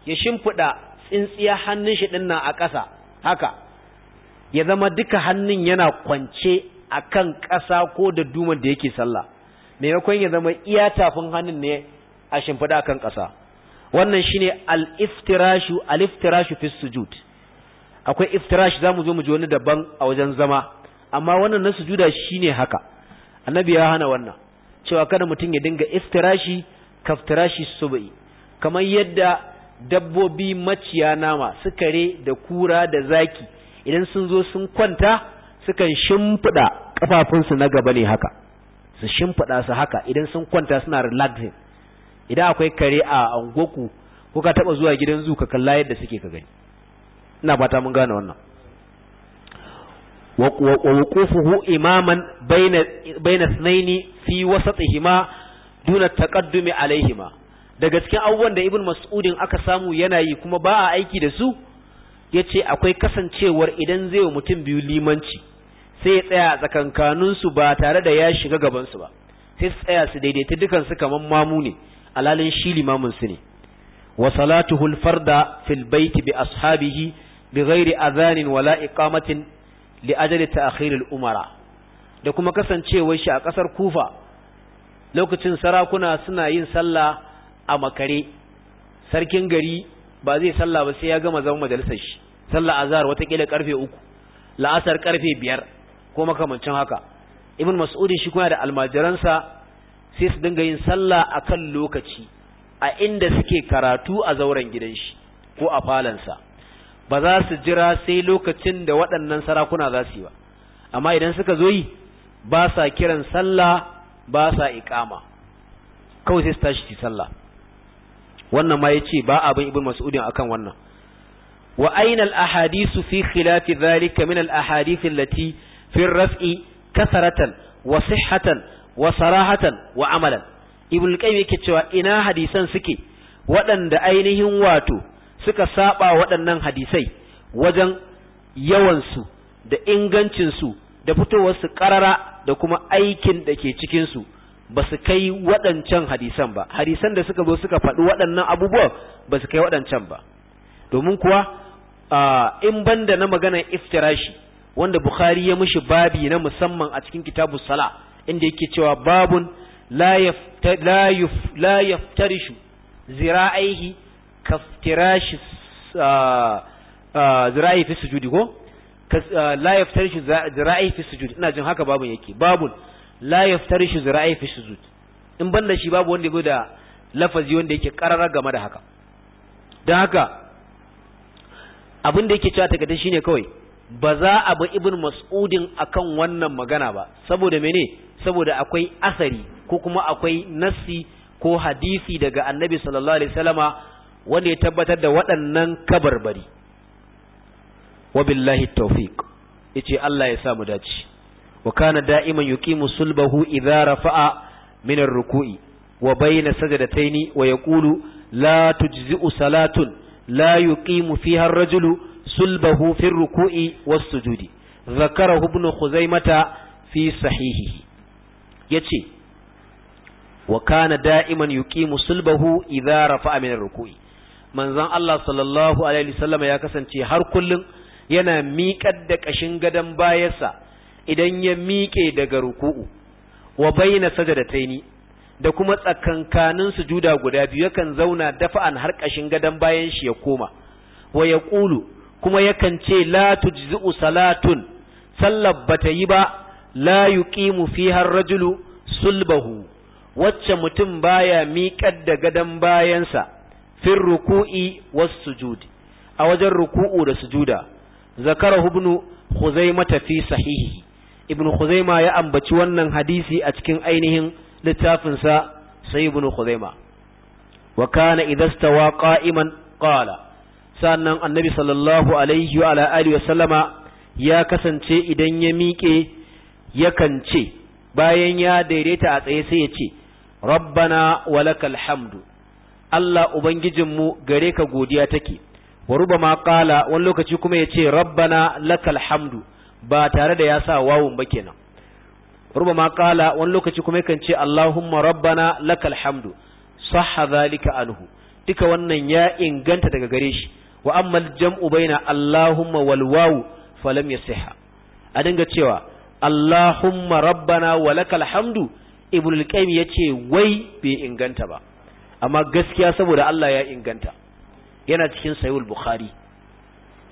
ya shimfida tsintsiya hannun shi dinnan a ƙasa haka ya zama duka hannun yana kwance akan ƙasa ko da duman da yake sallah maimakon ya zama iya tafin hannun ne a shimfiɗa akan ƙasa wannan shine al-iftirashu al-iftirashu fi sujud akwai iftirash zamu zo mu ji wani daban a wajen zama amma wannan na sujuda shine haka annabi ya hana wannan cewa kada mutum ya dinga iftirashi kaftirashi subai kamar yadda dabbobi maciya nama sukare da kura da zaki idan sun zo sun kwanta sukan shimfida kafafunsu na gaba ne haka su shimfiɗa su haka idan sun kwanta suna relaxing idan akwai kare a angoku ko ka taba zuwa gidan zu ka kalla yadda suke ka gani ina fata mun gane wannan wa wuqufuhu imaman bayna bayna thnaini fi wasatihima duna taqaddumi alaihima daga cikin abubuwan da ibn mas'udin aka samu yana yi kuma ba a aiki da su yace akwai kasancewar idan zai wa mutum biyu limanci sai ya tsaya tsakankaninsu ba tare da ya shiga gabansu ba sai su tsaya su daidaita dukansu kamar mamu ne alalin shi limaminsu ne wa salatuhul farda fil baiti bi ashabihi bi ghairi adhanin wala iqamatin li ajali ta'khiril umara da kuma kasancewar shi a kasar Kufa lokacin sarakuna suna yin sallah a makare sarkin gari ba zai sallah ba sai ya gama zaman majalisar shi sallah azhar wata kila karfe uku la'asar karfe biyar ko makamancin haka ibn mas'udi shi kuma da almajiransa sai su dinga yin sallah akan lokaci a inda suke karatu a zauren gidan shi ko a falansa ba za su jira sai lokacin da waɗannan sarakuna za su yi ba amma idan suka zo yi ba sa kiran sallah ba sa iqama kawai sai su tashi su sallah wannan ma yace ba abin ibn mas'udin akan wannan wa aina al ahadith fi khilaf dhalika min al ahadith allati Fin raf'i kasa wa wasihatan, wasarahatan, sarahatan wa yake cewa ina hadisan suke waɗanda ainihin wato suka saɓa waɗannan hadisai wajen yawan su da ingancin su da fitowar su karara da kuma aikin da ke cikin ba su kai waɗancan hadisan ba hadisan da suka zo suka faɗi waɗannan abubuwan ba su kai waɗancan ba domin kuwa in banda na maganar iftirashi wanda Bukhari ya mishi babi na musamman a cikin kitabu sala inda yake cewa babun la yaftarishu zira'aihi kaftirashi zira'i fi sujudi ko la yaftarishu zira'i fi sujudi ina jin haka babun yake babun la yaftarishu zira'i fi sujudi in banda shi babu wanda ya da lafazi wanda yake kararar game da haka don haka abin da yake cewa takardar shine kawai ba za a bi ibn mas'udin akan wannan magana ba saboda mene saboda akwai asari ko kuma akwai nassi ko hadisi daga annabi sallallahu alaihi wasallama wanda ya tabbatar da waɗannan kabarbari wa billahi tawfiq yace Allah ya sa mu dace wa kana da'iman yuqimu sulbahu idza rafa'a min ar-ruku'i wa bayna sajdataini wa yaqulu la tujzi'u salatun la yuqimu fiha ar-rajulu sulbahu fi ruku'i was sujudi zakarahu ibn khuzaimata fi sahihihi yace wa kana da'iman yuqimu sulbahu idza rafa'a min ruku'i manzon Allah sallallahu alaihi wasallam ya kasance har kullun yana miƙar da ƙashin gadon bayansa idan ya miƙe daga ruku'u wa baina sajadataini da kuma tsakankanin sujuda guda biyu yakan zauna dafa'an har ƙashin gadon bayan shi ya koma wa ya ƙulu kuma yakan ce la tujzi'u salatun sallar bata yi ba la yuqimu fiha rajulu sulbahu wacce mutum baya miƙar da gadon bayansa fin ruku'i was sujud a wajen ruku'u da sujuda zakarahu ibn khuzaimah fi sahihi ibn khuzaima ya ambaci wannan hadisi a cikin ainihin littafinsa sai ibn khuzaima wa kana idza qa'iman qala sannan annabi sallallahu alaihi wa alihi wa sallama ya kasance idan ya miƙe yakan ce bayan ya daidaita a tsaye sai ya ce rabbana walakal hamdu Allah ubangijinmu gare ka godiya take wa rubama qala wani lokaci kuma ya ce rabbana lakal hamdu ba tare da ya sa wawun ba kenan rubama qala wani lokaci kuma yakan ce allahumma rabbana lakal hamdu sahha zalika alhu duka wannan ya inganta daga gare shi wa amma jam'u baina Allahumma wal wawu falam yasihha a dinga cewa Allahumma rabbana wa lakal hamdu ce qayyim yace wai bai inganta ba amma gaskiya saboda Allah ya inganta yana cikin sahihul bukhari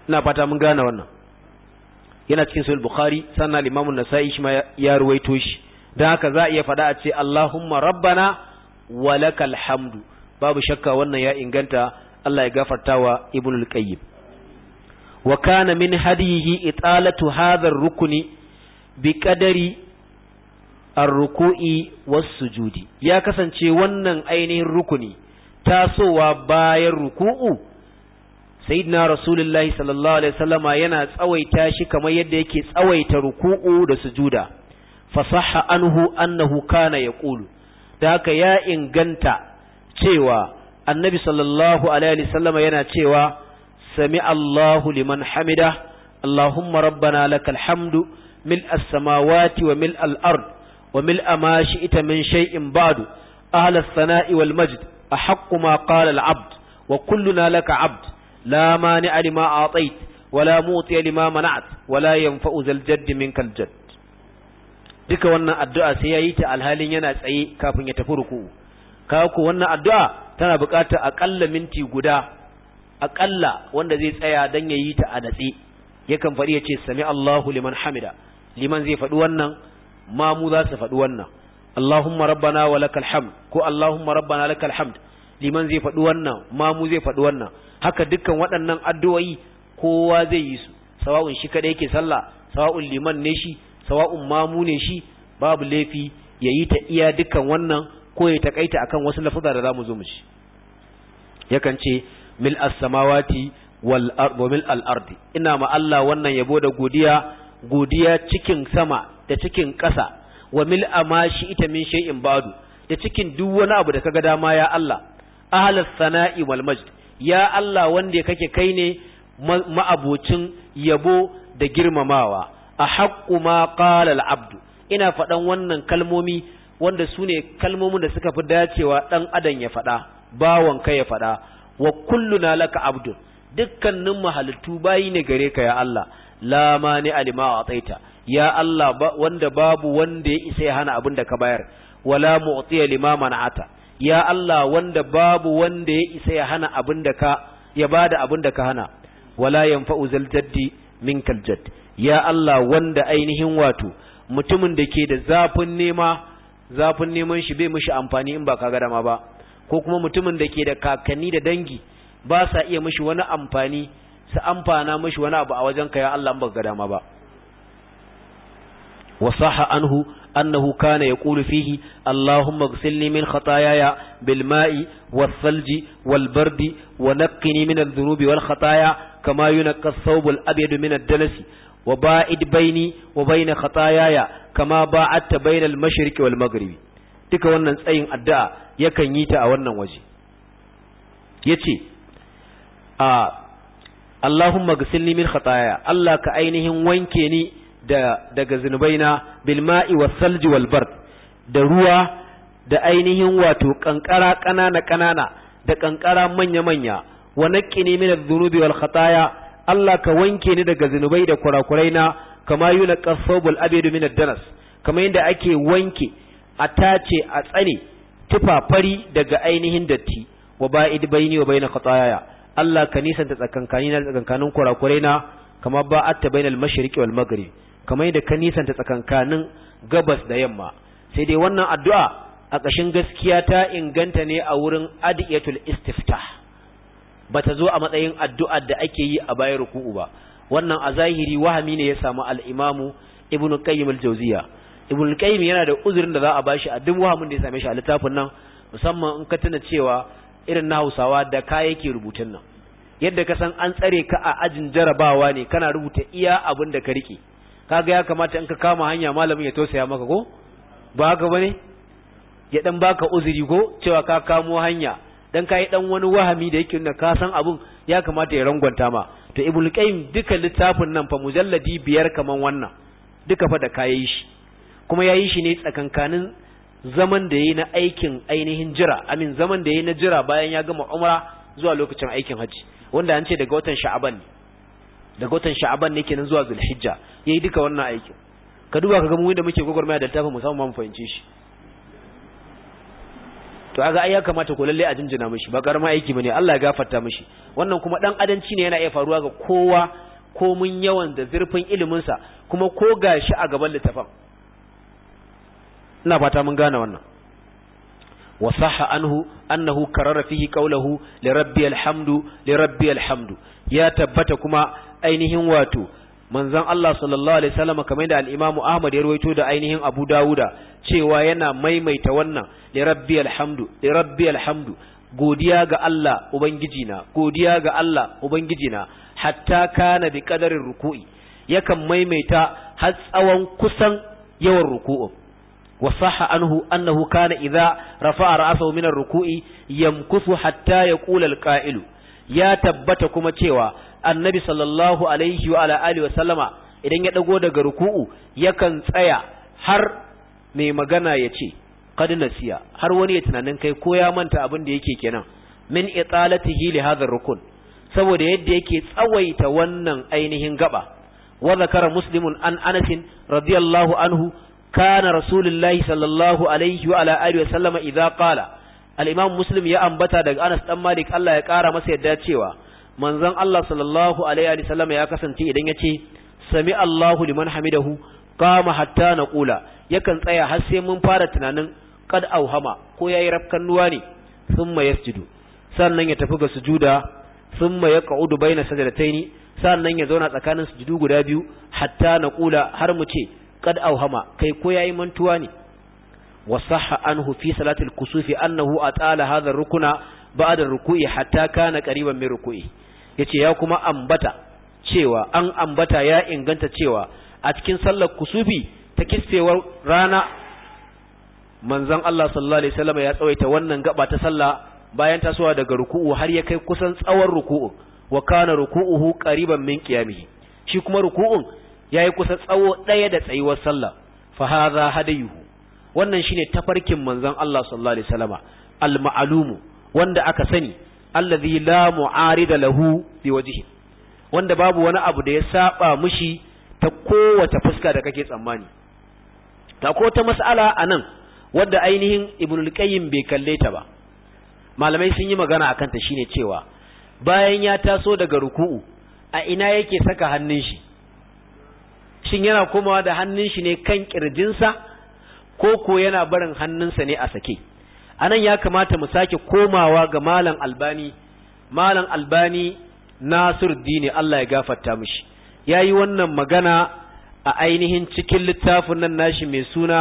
ina fata mun gane wannan yana cikin sahihul bukhari sannan al-imam an-nasa'i shi ma ya ruwaito shi dan haka za a iya fada a ce Allahumma rabbana wa lakal hamdu babu shakka wannan ya inganta Allah ya gafarta wa Ibn al-Qayyim wa kana min hadihi italatu hadha ar-rukni bi qadari ar-ruku'i was-sujudi ya kasance wannan ainihin rukuni tasowa bayan ruku'u sayyidina rasulullahi sallallahu alaihi wasallama yana tsawaita shi kamar yadda yake tsawaita ruku'u da sujuda fasaha anhu annahu kana yaqulu da haka ya inganta cewa annabi sallallahu alaihi sallama yana cewa sami Allahu liman hamida Allahumma rabbana lakal hamdu mil as-samawati wa mil al-ard wa mil ma shi'ta min shay'in ba'du ahla as-sana'i wal majd ahaqqu ma qala al-abd wa kulluna laka 'abd la mani'a lima a'tayt wa la mu'tiya lima mana'at wa la yanfa'u zal jadd minkal jadd duka wannan addu'a sai yayi ta alhalin yana tsaye kafin ya tafi ruku kawo wannan addu'a tana buƙatar aƙalla minti guda aƙalla wanda zai tsaya don ya yi ta a natsi yakan faɗi ya ce sami Allahu liman hamida liman zai faɗi wannan mamu za su faɗi wannan Allahumma rabbana wa lakal hamd ko Allahumma rabbana lakal hamd liman zai faɗi wannan mamu zai faɗi wannan haka dukkan waɗannan addu'o'i kowa zai yi su sawa'un shi kada yake sallah sawa'un liman ne shi sawa'un mamu ne shi babu laifi ya yi ta iya dukkan wannan ko ya takaita akan wasu lafuza da zamu zo mu shi. yakan ce mil as-samawati wal ardi wa mil al-ardi ina ma Allah wannan yabo da godiya godiya cikin sama da cikin ƙasa wa mil amashi ita min shay'in badu da cikin duk wani abu da kaga dama ya Allah as sana'i wal majd ya Allah wanda kake kai ne ma'abocin yabo da girmamawa a haƙƙu ma qala abdu ina faɗan wannan kalmomi wanda su ne kalmomin da suka fi dacewa ɗan adam ya faɗa bawan ka ya faɗa wa kulluna laka abdun dukkanin mahalittu bayi ne gare ka ya Allah la ni alima a tsaita ya Allah wanda babu wanda ya isa ya hana abin da ka bayar wala mu'tiya lima ata ya Allah wanda babu wanda ya isa ya hana abin da ka ya bada abin da ka hana wala yanfa'u zal jaddi minkal jadd ya Allah wanda ainihin wato mutumin da ke da zafin nema zafin neman shi bai mishi amfani in ba ka ga dama ba ko kuma mutumin da ke da kakanni da dangi ba sa iya mishi wani amfani su amfana mishi wani abu a wajen ka ya Allah in ba ga dama ba wa sahha anhu annahu kana yaqulu fihi allahumma ighsilni min khataayaya bil ma'i was salji wal bardi wa naqqini min adh-dhunubi wal khataaya kama yunqqa ath-thawb al-abyad min ad-dalasi wa ba'id baini wa baina khatayaya kama ba'atta bainal mashriqi wal maghribi duka wannan tsayin addu'a yakan yi ta a wannan waje yace a Allahumma ghsilni min khatayaya Allah ka ainihin wanke ni da daga zunubaina bil ma'i was salji wal bard da ruwa da ainihin wato kankara kanana kanana da kankara manya manya wa naqqini min adh-dhunubi wal Allah ka wanke ni daga zinubai da kurakurai na kama yuna qasabul abidu min ad-danas kama yanda ake wanke a tace a tsane tufafari daga ainihin datti wa ba'id baini wa baina Allah ka nisanta tsakankani na tsakankanin kurakurai na kama ba'atta bainal mashriqi wal maghrib kama yanda ka nisanta tsakankanin gabas da yamma sai dai wannan addu'a a ƙashin gaskiya ta inganta ne a wurin adiyatul istiftah bata zo a matsayin addu'a da ake yi a bayan ruku'u ba wannan a zahiri wahami ne ya samu al ibn qayyim al-jawziya ibn qayyim yana da uzurin da za a bashi a duk wahamin da ya same shi a littafin nan musamman in ka tuna cewa irin na Hausawa da ka yake rubutun nan yadda ka san an tsare ka a ajin jarabawa ne kana rubuta iya abin da ka rike kaga ya kamata in ka kama hanya malamin ya tausaya maka ko ba haka bane ya dan baka uzuri ko cewa ka kamo hanya dan kai dan wani wahami da yake nuna ka san abun ya kamata ya rangwanta ma to ibnu qayyim duka littafin nan fa mujalladi biyar kaman wannan duka fa da kayi shi kuma yayi shi ne tsakankanin zaman da yayi na aikin ainihin jira amin zaman da yayi na jira bayan ya gama umra zuwa lokacin aikin haji wanda an ce daga watan sha'aban ne daga watan sha'aban ne kenan zuwa zulhijja yayi duka wannan aikin ka duba ka ga mu da muke gwagwarmaya da littafin mu samu mu fahimce shi to aga ai ya kamata ko lalle a jinjina mishi ba karma aiki bane Allah ya gafarta mishi wannan kuma dan adanci ne yana iya faruwa ga kowa ko mun yawan da zurfin ilimin sa kuma ko gashi a gaban littafin ina fata mun gane wannan wa sahha anhu annahu karara fihi qawluhu li rabbil hamdu li rabbil hamdu ya tabbata kuma ainihin wato manzon Allah sallallahu alaihi wasallam kamar da al-Imam Ahmad ya ruwaito da ainihin Abu Dawuda cewa yana maimaita wannan Rabbi alhamdu Rabbi alhamdu godiya ga Allah ubangijina godiya ga Allah ubangijina hatta kana bi qadarin ruku'i yakan maimaita har tsawon kusan yawan ruku'u wa sahha anhu annahu kana idza rafa'a ra'sahu min ar-ruku'i yamkuthu hatta yaqula al-qa'ilu ya tabbata kuma cewa annabi sallallahu alaihi wa ala alihi wa sallama idan ya dago daga ruku'u yakan tsaya har mai magana ya ce qad nasiya har wani ya tunanin kai ko ya manta abin da yake kenan min italatihi hili hadha rukun saboda yadda yake tsawaita wannan ainihin gaba wa zakara muslimun an anas radiyallahu anhu kana rasulullahi sallallahu alaihi wa ala'adu wa sallama idza qala al-imam muslim ya ambata daga anas dan malik Allah ya kara masa yadda cewa manzon Allah sallallahu alaihi wa sallama ya kasance idan ce sami Allahu liman hamidahu qama hatta naqula yakan tsaya har sai mun fara tunanin qad auhama ko yayi rafkan nuwa ne thumma yasjudu sannan ya tafi ga sujuda thumma ka'udu baina sajdataini sannan ya zauna tsakanin sujudu guda biyu hatta naqula har mu ce qad auhama kai ko yayi mantuwa ne sahha anhu fi salatil kusufi annahu atala hadha rukuna ba'da ruku'i hatta kana qariban min ruku'i yace ya kuma ambata cewa an ambata ya inganta cewa a cikin sallar kusufi ta kistewar rana Manzan Allah sallallahu alaihi wasallam ya tsawaita wannan gaba ta sallah bayan tasowa daga ruku'u har ya kai kusan tsawon ruku'u wa kana ruku'uhu qariban min qiyamihi shi kuma ruku'un yayi kusa tsawo daya da tsayuwar sallah fa hadha hadayuhu wannan shine tafarkin manzan Allah sallallahu alaihi wasallama al-ma'lumu wanda aka sani alladhi la mu'arida lahu bi wajhi wanda babu wani abu da ya saba mushi ta kowace fuska da kake tsammani ta ko ta mas'ala a nan wadda ainihin ibn al-qayyim bai kalle ta ba malamai sun yi magana akan ta shine cewa bayan ya taso daga ruku'u a ina yake saka hannun shi shin yana komawa da hannun shi ne kan kirjinsa ko ko yana barin hannunsa ne a sake anan ya kamata mu sake komawa ga malam albani malam albani nasir Allah ya gafarta mishi ya yi wannan magana a ainihin cikin littafin nan nashi mai suna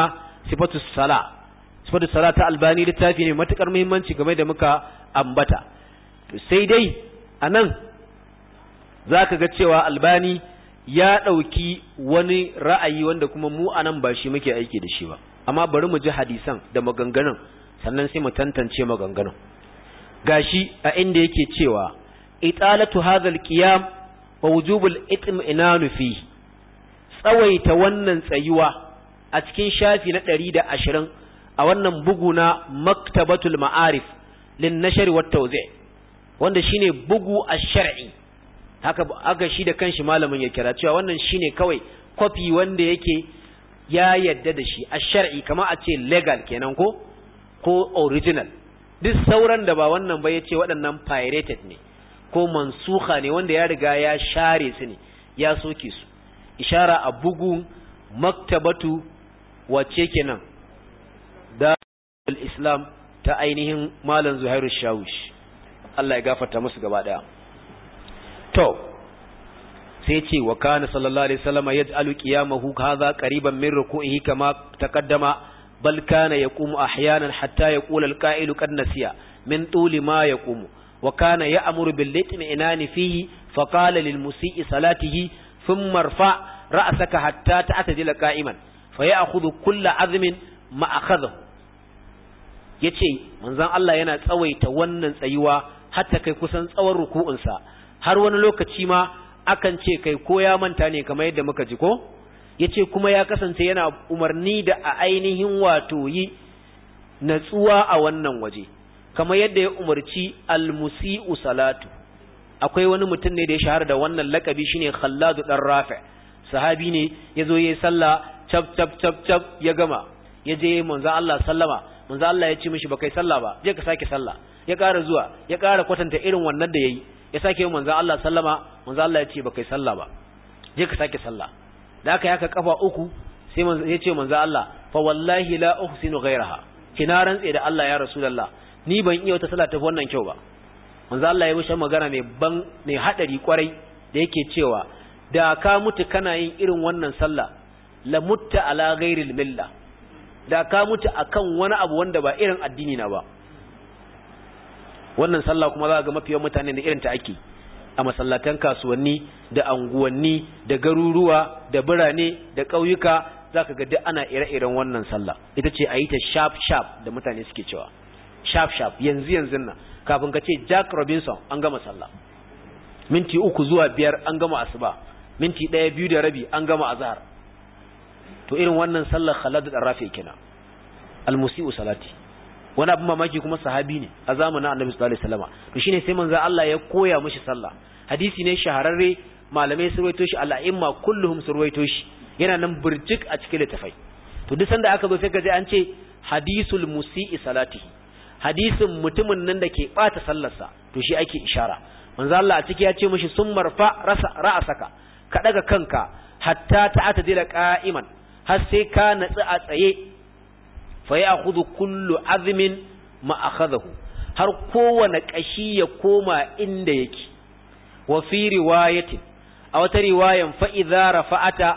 sifatu sala sifatu sala ta albani littafi ne matukar muhimmanci game da muka ambata sai dai a nan za ka ga cewa albani ya ɗauki wani ra'ayi wanda kuma mu a nan ba shi muke aiki da shi ba amma bari mu ji hadisan da maganganun sannan sai mu tantance maganganun gashi a inda yake cewa italatu hadhal qiyam wa wujubul itminanu fi tsawaita wannan tsayuwa a cikin shafi na 120 a wannan bugu na maktabatul ma'arif lin nashr wa tawzi' wanda shine bugu ash-shar'i haka aka shi da kanshi malamin ya kira cewa wannan shine kawai copy wanda yake ya yadda da shi ash-shar'i kama a ce legal kenan ko ko original duk sauran da ba wannan ba yace waɗannan pirated ne ko mansuha ne wanda ya riga ya share su ne ya soke su ishara a bugu maktabatu wace kenan da islam ta ainihin malam zuhairu shawish Allah ya gafarta musu gaba daya to sai ce wa kana sallallahu alaihi wasallam yaj'alu qiyamahu kaza qariban min ruku'ihi kama taqaddama bal kana yaqumu ahyanan hatta yaqula al-qa'ilu qad nasiya min tuli ma yaqumu wa kana ya'muru bil litmi'nani fihi fa qala sun marfa salatihi thumma rfa ra'saka hatta ta'tadila qa'iman fa ya'khudhu kullu azmin ma akhadhahu yace manzon Allah yana tsawaita wannan tsayuwa hatta kai kusan tsawon ruku'unsa har wani lokaci ma akan ce kai ko ya manta ne kamar yadda muka ji ko yace kuma ya kasance yana umarni da a ainihin wato yi natsuwa a wannan waje kamar yadda ya umarci al-musi'u salatu akwai wani mutum ne da ya shahara da wannan lakabi shine khalladu dan rafi sahabi ne yazo yayi sallah chap chap chap chap ya gama yaje manzo Allah sallama manzo Allah ya ce mishi ba kai sallah ba je ka sake sallah ya ƙara zuwa ya ƙara kwatanta irin wannan da yayi ya sake manzo Allah sallama manzo Allah ya ce ba kai sallah ba je ka sake sallah da aka yaka kafa uku sai manzo ya ce manzo Allah fa wallahi la uhsinu ghayraha kina rantse da Allah ya rasulullah ni ban iya wata sallah ta wannan kyau ba manzo Allah ya rushe magana mai ban mai hadari kwarai da yake cewa da ka mutu kana yin irin wannan sallah la mutta ala ghairil milla da ka mutu akan wani abu wanda ba irin addini na ba wannan sallah kuma za ga mafiyan mutane da irin ta ake a masallatan kasuwanni da anguwanni da garuruwa da birane da ƙauyuka zaka ga duk ana ire-iren wannan sallah ita ce a yi ta sharp sharp da mutane suke cewa shaf shaf yanzu yanzu nan kafin ka ce Jack Robinson an gama sallah minti uku zuwa biyar an gama asuba minti ɗaya biyu da rabi an gama azhar to irin wannan sallar khalad da Rafi kina al salati wani abin mamaki kuma sahabi ne a zamanin Annabi sallallahu alaihi wasallam to shine sai manzo Allah ya koya mishi sallah hadisi ne shahararre malamai su ruwaito shi al'imma kulluhum su ruwaito shi yana nan burjik a cikin littafai to duk sanda aka zo sai ka ji an ce hadisul musi'i salatihi hadisin mutumin nan da ke bata sallarsa to shi ake ishara manzo Allah a ciki ya ce mishi sun marfa ra'asaka ka daga kanka hatta ta dira qa'iman har sai ka natsi a tsaye fa ya'khudhu kullu azmin ma akhadahu har kowane kashi ya koma inda yake wa fi riwayatin a wata riwayan fa idza rafa'ata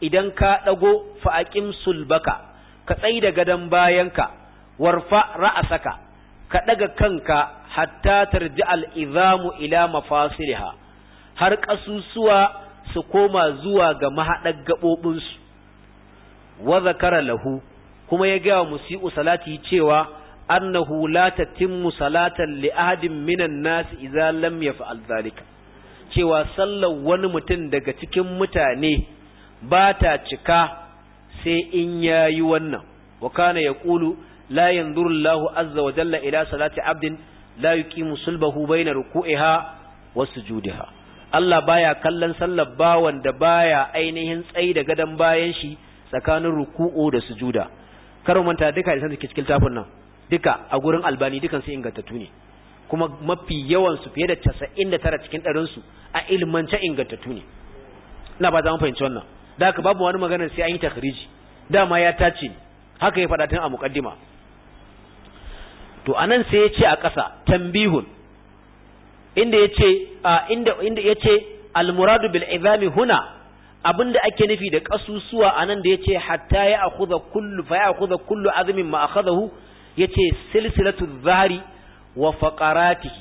idan ka dago fa aqim sulbaka ka tsaida gadan bayanka warfa ra'asaka ka daga kanka hatta tarji al'izamu ila mafasiliha har ƙasusuwa su koma zuwa ga mahaɗar gaɓoɓinsu wa zakara lahu kuma ya gaya musi'u salati cewa annahu la tatimmu salatan li ahadin minan nas idza lam yaf'al zalika cewa sallar wani mutum daga cikin mutane ba ta cika sai in yayi wannan wa kana yaqulu لا ينظر الله عز وجل jalla ila عبد abdin يقيم صلبه بين ركوعها وسجودها الله بايا Allah baya kallon sallar bawan da baya ainihin tsayi da gadan bayan shi tsakanin ruku'u da sujuda kar manta duka da suke cikin tafin nan duka a gurin albani dukan su ingantattu ne kuma mafi yawan su fiye da 99 cikin ɗarin su a ilmance ingantattu ne ina ba za mu fahimci wannan da haka babu wani magana sai an yi takhriji dama ya tace haka ya faɗa tun a muqaddima to anan sai ya ce a ƙasa tambihun inda ya ce inda ya ce almuradu bil izami huna abinda ake nufi da ƙasusuwa anan da ya ce hatta ya akhudha kullu fa ya akhudha kullu azmin ma akhadahu ce silsilatu zahari wa faqaratihi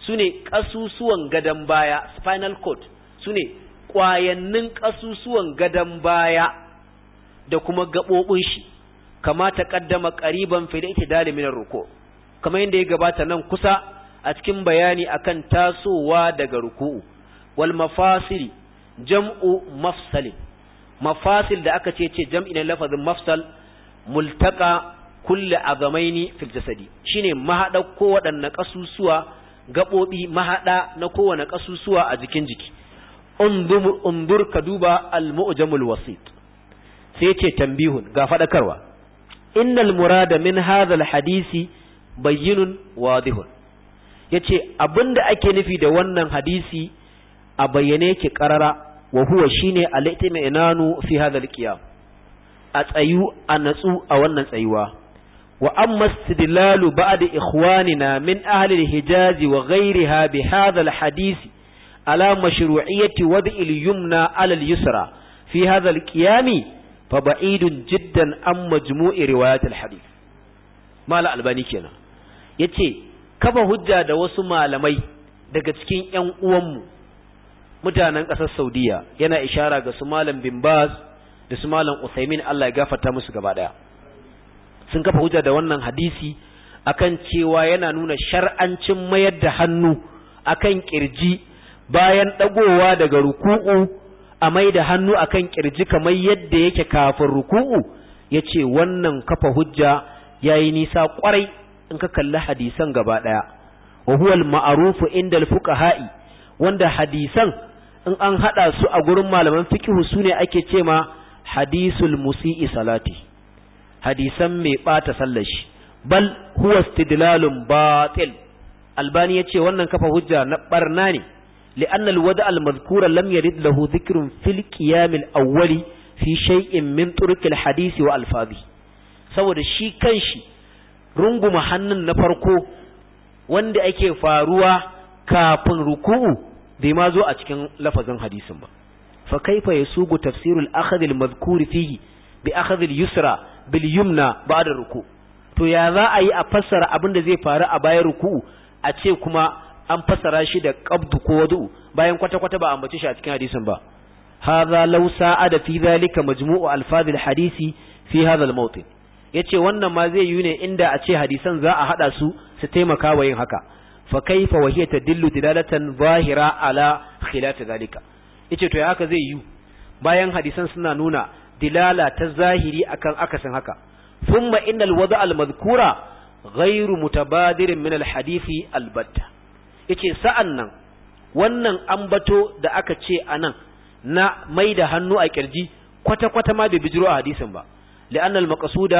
sune ƙasusuwan gadon baya spinal cord sune ƙwayannin ƙasusuwan gadon baya da kuma gaɓoɓin shi kama ta ƙaddama ƙariban fi ita dalimin ruku kamar yadda ya gabata nan kusa a cikin bayani akan tasowa daga ruku'u wal mafasili jam'u mafsalin mafasil da aka ce ce jam'i na lafazin mafsal multaka kulle azamaini fil jasadi shine mahada ko waɗanne kasusuwa gabobi mahada na kowane kasusuwa a jikin jiki undur ka duba al-mu'jamul wasit sai ce tambihun ga fadakarwa innal murada min hadha al-hadisi bayyinun wadihun yace abinda ake nufi da wannan hadisi a bayyane yake karara wa huwa shine al inanu fi hadal al a tsayu a natsu a wannan tsayuwa wa amma istidlalu ikwani ikhwanina min ahli hijazi hijaz wa gairi bi hadal hadisi ala mashru'iyyati wad'i al-yumna ala al-yusra fi hadha al-qiyam fa ba'idun jiddan an majmu'i riwayat al-hadith mala albani kenan yace kafa hujja da wasu malamai daga cikin yan uwanmu mutanen ƙasar Saudiya yana ishara ga su malam bin Baz da su malam Usaimin Allah ya gafarta musu gaba daya sun kafa hujja da wannan hadisi akan cewa yana nuna shar'ancin mayar da hannu akan kirji bayan ɗagowa daga ruku'u a mai da hannu akan kirji kamar yadda yake kafin ruku'u yace wannan kafa hujja yayi nisa kwarai in ka kalli hadisan gaba ɗaya wa huwa inda al-fuqaha'i wanda hadisan in an hada su a gurin malaman fiqhu sune ake ce hadisul musii salati hadisan mai bata sallar shi bal huwa istidlalun batil albani yace wannan kafa hujja na barna ne لأن الودع المذكور لم يرد له ذكر في القيام fi في شيء من طرق الحديث وألفاظه saboda shi kanshi runguma hannun na farko wanda ake faruwa kafin ruku'u bai ma zo a cikin lafazin hadisin ba fa kaifa yasugu tafsirul akhadh al madhkur fihi bi akhadh al yusra bil yumna ba'da ruku to ya za a yi a fassara abin da zai faru a bayan ruku'u a ce kuma an fassara shi da qabdu ko wadu bayan kwata-kwata ba ambace shi a cikin hadisin ba hadha law sa'ada fi dhalika majmu'u alfaz hadisi fi hadha almawtin yace wannan ma zai yi ne inda a ce hadisan za a haɗa su su taimaka wa yin haka fa kaifa wa hiya tadillu dilalatan zahira ala khilaf zalika yace to ya haka zai yi bayan hadisan suna nuna dilala ta zahiri akan akasin haka thumma innal wada al madhkura ghairu mutabadirin min al hadisi batta yace sa'an nan wannan ambato da aka ce anan na mai da hannu a kirji kwata-kwata ma bai bijiro a hadisin ba لأن المقصود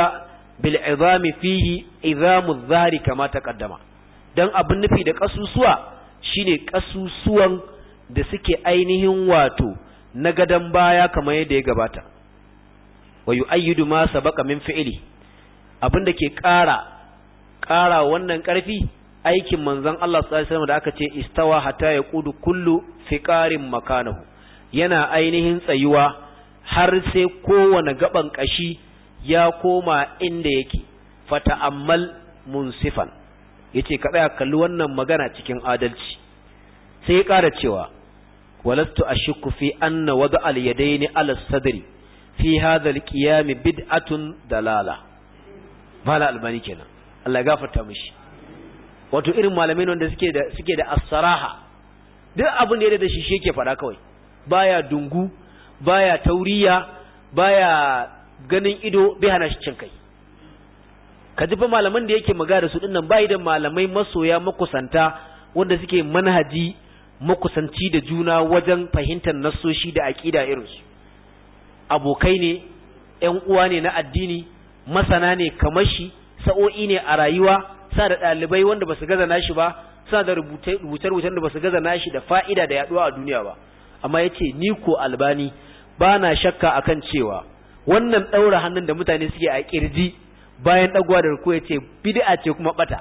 بالعظام فيه عظام الظهر كما تقدم dan abin nufi da kasusuwa shine kasusuwan da suke ainihin wato na gadan baya kamar yadda ya gabata wa yu'ayyidu ma sabaqa min fi'li abin da ke ƙara ƙara wannan ƙarfi aikin manzon Allah sallallahu alaihi wasallam da aka ce istawa hatta yaqudu kullu fiqarin makanahu yana ainihin tsayuwa har sai kowane gaban kashi ya koma inda yake fata'ammal munsifan yace ka tsaya kalli wannan magana cikin adalci sai ya ƙara cewa walastu ashku fi anna wada al yadaini ala sadri fi hadha al qiyam bid'atun dalala mala albani kenan Allah ya gafarta mishi wato irin malamai wanda suke da suke da asraha duk abin da ya da shi shi yake faɗa kawai baya dungu baya tauriya baya ganin ido bai hana shi cin kai ka ji fa malaman da yake magana da su dinnan bai da malamai masoya makusanta wanda suke manhaji makusanci da juna wajen fahimtar nassoshi da aqida su abokai ne ƴan uwa ne na addini masana ne kamar shi sa'o'i ne a rayuwa sa da ɗalibai wanda ba su gaza nashi ba sa da rubutar rubucen da ba su gaza nashi da fa'ida da yaduwa a duniya ba amma yace ni ko albani ba na shakka akan cewa wannan ɗaura hannun da mutane suke a kirji bayan ɗagowa da rukuwa ya ce bid'a ce kuma bata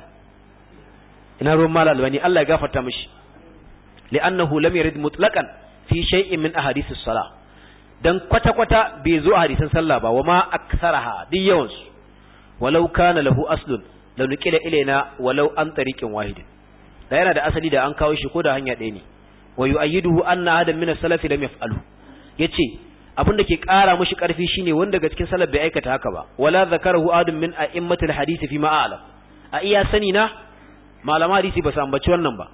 ina ruwan mala albani Allah ya gafarta mishi li'annahu lam yarid mutlaqan fi shay'in min as salah dan kwata kwata bai zo a hadisan sallah ba ma aktharaha duk yawan su walau kana lahu aslun la nuqila ilayna walau an tariqin wahidin da yana da asali da an kawo shi ko da hanya ɗaya ne wa yu'ayyiduhu anna adam min as-salafi lam yaf'alu yace abin da ke ƙara mashi ƙarfi shine wanda daga cikin salaf bai aikata haka ba wala zakarahu adun min a'immatil hadisi fi ma'ala a iya sani na malama hadisi ba san bace wannan ba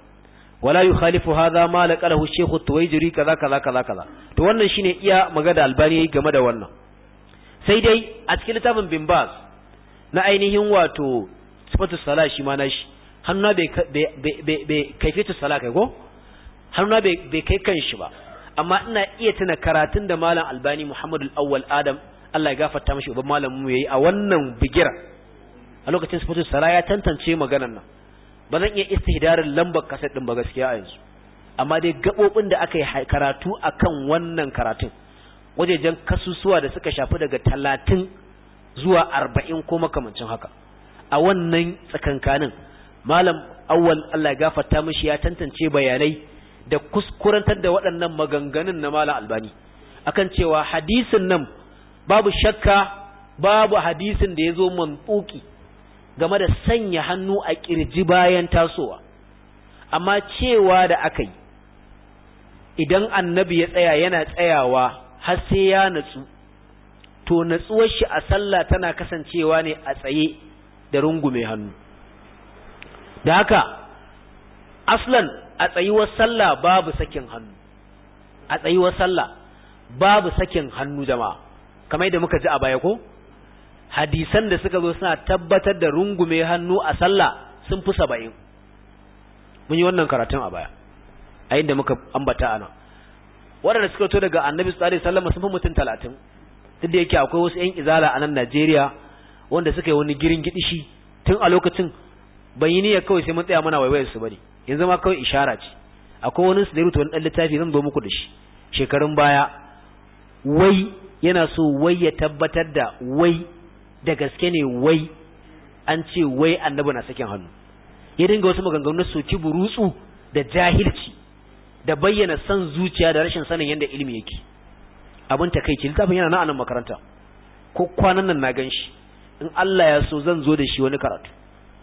wala yukhalifu hadha ma laqalahu shaykh tuwayjiri kaza kaza kaza kaza to wannan shine iya magana albani yayi game da wannan sai dai a cikin littafin bin baz na ainihin wato sifatu salah shi ma nashi hannu bai bai bai kaifatu salah kai ko hannu bai bai kai kan shi ba amma ina iya tuna karatun da malam albani muhammad al'awwal adam Allah ya gafarta mashi uban malamin mu yayi a wannan bigira a lokacin su sara ya tantance maganar nan ba zan iya istihdarin lambar kaset din ba gaskiya a yanzu amma dai gabobin da aka yi karatu akan wannan karatun wajejen kasusuwa da suka shafi daga talatin zuwa arba'in ko makamancin haka a wannan tsakankanin malam awwal Allah ya gafarta mashi ya tantance bayanai da kuskurantar da waɗannan maganganun na Malam Albani akan cewa hadisin nan babu shakka babu hadisin da ya zo mantsuki game da sanya hannu a kirji bayan tasowa amma cewa da aka yi idan annabi ya tsaya yana tsayawa har sai ya natsu to natsuwar shi a sallah tana kasancewa ne a tsaye da rungume hannu da haka aslan a tsayuwar sallah babu sakin hannu a tsayuwar sallah babu sakin hannu jama'a kamar yadda muka ji a baya ko hadisan da suka zo suna tabbatar da rungume hannu a sallah sun fi saba'in mun yi wannan karatun a baya a inda muka ambata ana waɗanda suka to daga annabi tsari sallama sun fi mutum talatin duk da yake akwai wasu 'yan izala a nan najeriya wanda suka yi wani girin gidishi tun a lokacin ban yi niyyar kawai sai mun tsaya muna waiwayar su bane yanzu ma kawai ishara ce akwai wani su da rubuta wani dan littafi zan zo muku da shi shekarun baya wai yana so wai ya tabbatar da wai da gaske ne wai an ce wai annabi na sakin hannu ya dinga wasu maganganu na ci burutsu da jahilci da bayyana san zuciya da rashin sanin yadda ilimi yake abin takeici littafin yana na anan makaranta ko kwanan nan na gan shi in Allah ya so zan zo da shi wani karatu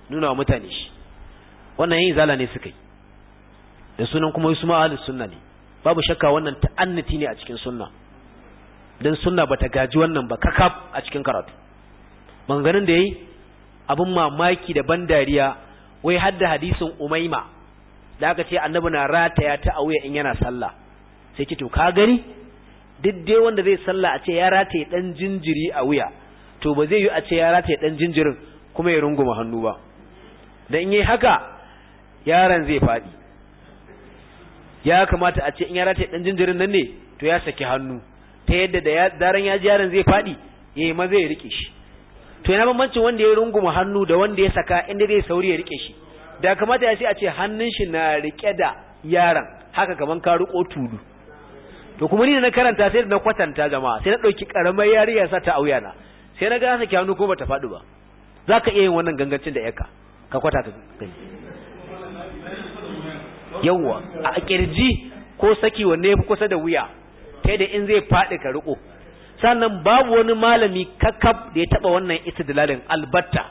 nuna wa mutane shi wannan yin zala ne suka yi da sunan kuma su suma ahlus sunna ne babu shakka wannan ta'annati ne a cikin sunna dan sunna bata gaji wannan ba kakab a cikin karatu ganin da yi abin mamaki da ban dariya wai hadda hadisin umaima da aka ce annabi na rataya ta a wuya in yana sallah sai ki to ka gani duk dai wanda zai sallah a ce ya rataye dan jinjiri a wuya to ba zai yi a ce ya rataye dan jinjirin kuma ya runguma hannu ba dan yi haka yaron zai faɗi ya kamata a ce in yara ta dan jinjirin nan ne to ya saki hannu ta yadda da daren ya ji yaron zai faɗi ya yi maza ya rike shi to yana bambancin wanda ya runguma hannu da wanda ya saka inda zai sauri ya rike shi da kamata ya sai a ce hannun shi na rike da yaron haka kaman ka riko tudu to kuma ni na karanta sai na kwatanta jama'a sai na dauki karamar yariya sa ta na sai na ga saki hannu ko bata faɗi ba zaka iya yin wannan gangancin da yaka ka kwata ka gani yawwa a kirji ko saki wanne ya fi kusa da wuya kai da in zai faɗi ka riko sannan babu wani malami kakab da ya taba wannan istidlalin albatta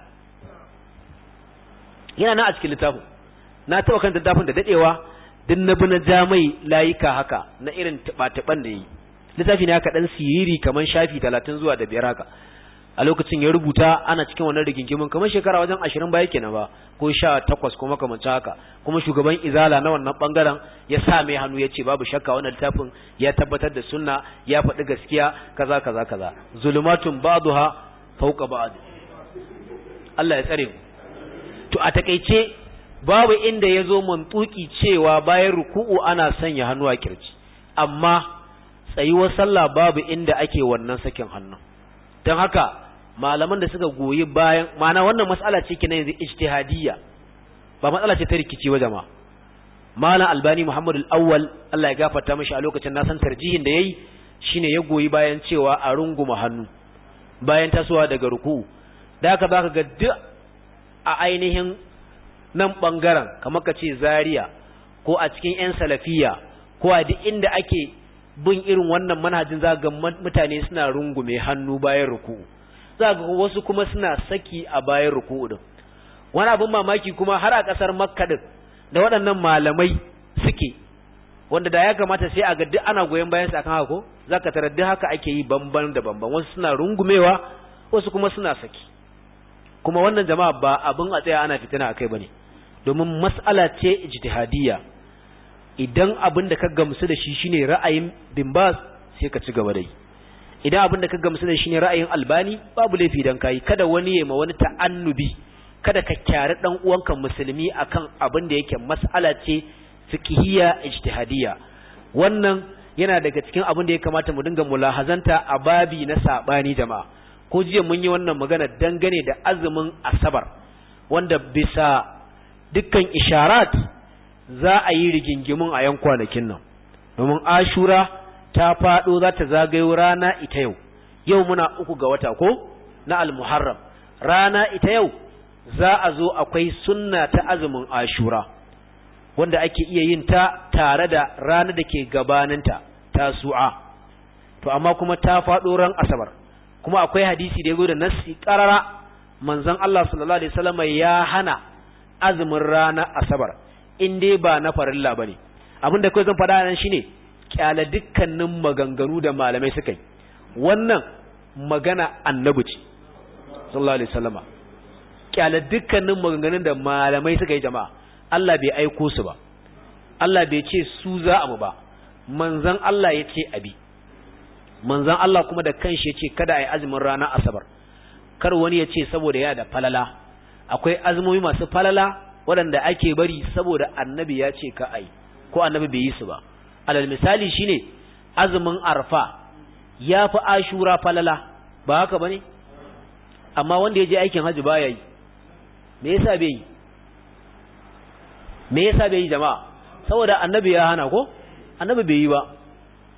yana na a cikin littafin na taba kan littafin da dadewa din na bi na ja mai layuka haka na irin tuba da yi littafi ne haka dan siriri kaman shafi talatin zuwa da biyar haka a lokacin ya rubuta ana cikin wannan rigingimin kamar shekara wajen ashirin baya kenan ba ko sha takwas ko makamancin haka kuma shugaban izala na wannan bangaren ya sa mai hannu ya ce babu shakka wannan littafin ya tabbatar da sunna ya faɗi gaskiya kaza kaza kaza zulumatun ba'daha fawqa ba'd Allah ya tsare to a takeice babu inda ya zo mantuki cewa bayan ruku'u ana sanya hannu a kirji amma tsayuwar sallah babu inda ake wannan sakin hannun don haka malaman da suka goyi bayan ma'ana wannan matsala ce kina yanzu ijtihadiyya ba matsala ce ta rikici ba jama'a malam albani muhammadu al-awwal Allah ya gafarta mashi a lokacin nasan tarjihin da yayi shine ya goyi bayan cewa a runguma hannu bayan tasowa daga ruku da haka baka ga duk a ainihin nan bangaren kamar ka ce zaria ko a cikin yan salafiya ko a duk inda ake bin irin wannan manhajin za ga mutane suna rungume hannu bayan ruku'u za ga wasu kuma suna saki a bayan ruku'u din wani abin mamaki kuma har a kasar makka din da waɗannan malamai suke wanda da ya kamata sai a ga duk ana goyon bayan su akan hako, za zaka tarar duk haka ake yi bamban da bamban wasu suna rungumewa wasu kuma suna saki kuma wannan jama'a ba abin a tsaya ana fitina akai bane domin mas'ala ce ijtihadiyya idan abin da ka gamsu da shi shine ra'ayin bin sai ka ci gaba da yi idan abin da ka gamsu da shine ra'ayin albani babu laifi dan kai kada wani ya ma wani ta'annubi kada ka kyari dan uwanka musulmi akan abin da yake mas'ala ce fiqhiyya ijtihadiyya wannan yana daga cikin abin da ya kamata mu dinga mulahazanta a babi na saɓani jama'a ko jiya mun yi wannan magana dangane da azumin asabar wanda bisa dukkan isharat za a yi rigingimin a yan kwanakin nan domin ashura ta faɗo za ta zagayo rana ita yau yau muna uku ga wata ko na almuharram rana ita yau za a zo akwai sunna ta azumin ashura wanda ake iya yin ta tare da rana da ke gabaninta ta su’a, to amma kuma ta faɗo ran asabar kuma akwai hadisi da ya da nassi ƙarara manzon Allah sallallahu alaihi wasallam ya hana azumin rana asabar in dai ba na farilla Abin da kai zan faɗa nan shine kyala dukkanin maganganu da malamai suka yi wannan magana annabi ce sallallahu alaihi wasallama kyala dukkanin maganganun da malamai suka yi jama'a Allah bai aiko su ba Allah bai ce su za a mu ba manzon Allah ya ce abi manzon Allah kuma da kanshi ya ce kada yi azumin rana asabar kar wani ya ce saboda ya da falala akwai azumomi masu falala waɗanda ake bari saboda annabi ya ce ka ai ko annabi bai yi su ba alal misali shine azumin arfa ya fi ashura falala ba haka ba ne amma wanda ya je aikin hajji ba ya yi me yasa bai yi me yasa bai yi jama'a saboda annabi ya hana ko annabi bai yi ba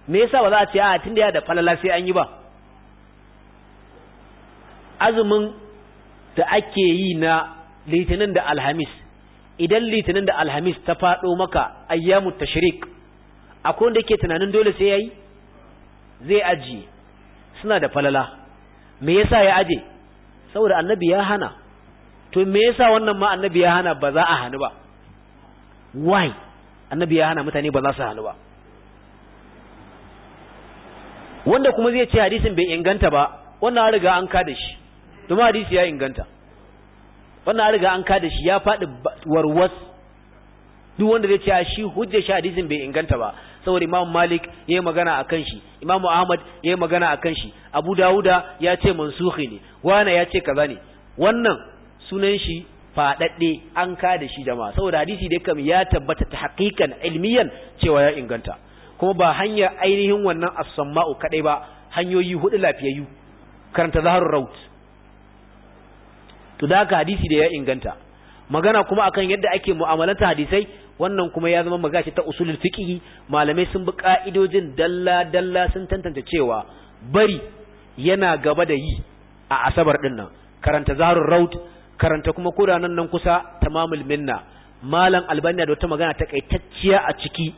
me yasa ba za a ce a tunda ya da falala sai an yi ba azumin da ake yi na litinin da alhamis idan litinin da alhamis ta faɗo maka ayyamu tashrik akwai wanda yake tunanin dole sai yayi zai aji suna da falala me yasa ya aje saboda annabi ya hana to me yasa wannan ma annabi ya hana ba za a hanu ba why annabi ya hana mutane ba za su hanu ba wanda kuma zai ce hadisin bai inganta ba wannan riga an kada shi domin hadisi ya inganta wannan riga an kada shi ya faɗi warwas duk wanda zai ce shi hujja shi hadisin bai inganta ba saboda Imam Malik yayi magana akan shi Imam Ahmad yayi magana akan shi Abu Dawuda ya ce mansukhi ne wana ya ce kaza ne wannan sunan shi fadadde an kada shi jama'a saboda hadisi da kam ya tabbata ta haqiqan ilmiyan cewa ya inganta kuma ba hanyar ainihin wannan as ma'u kadai ba hanyoyi hudu lafiyayyu karanta zaharul raut to da haka hadisi da ya inganta magana kuma akan yadda ake mu'amalanta hadisai wannan kuma ya zama magashi ta usulul fiqh malamai sun bi ka'idojin dalla dalla sun tantance cewa bari yana gaba da yi a asabar din karanta zarur raud karanta kuma kodanan nan kusa tamamul minna malam albani da wata magana ta takaitacciya a ciki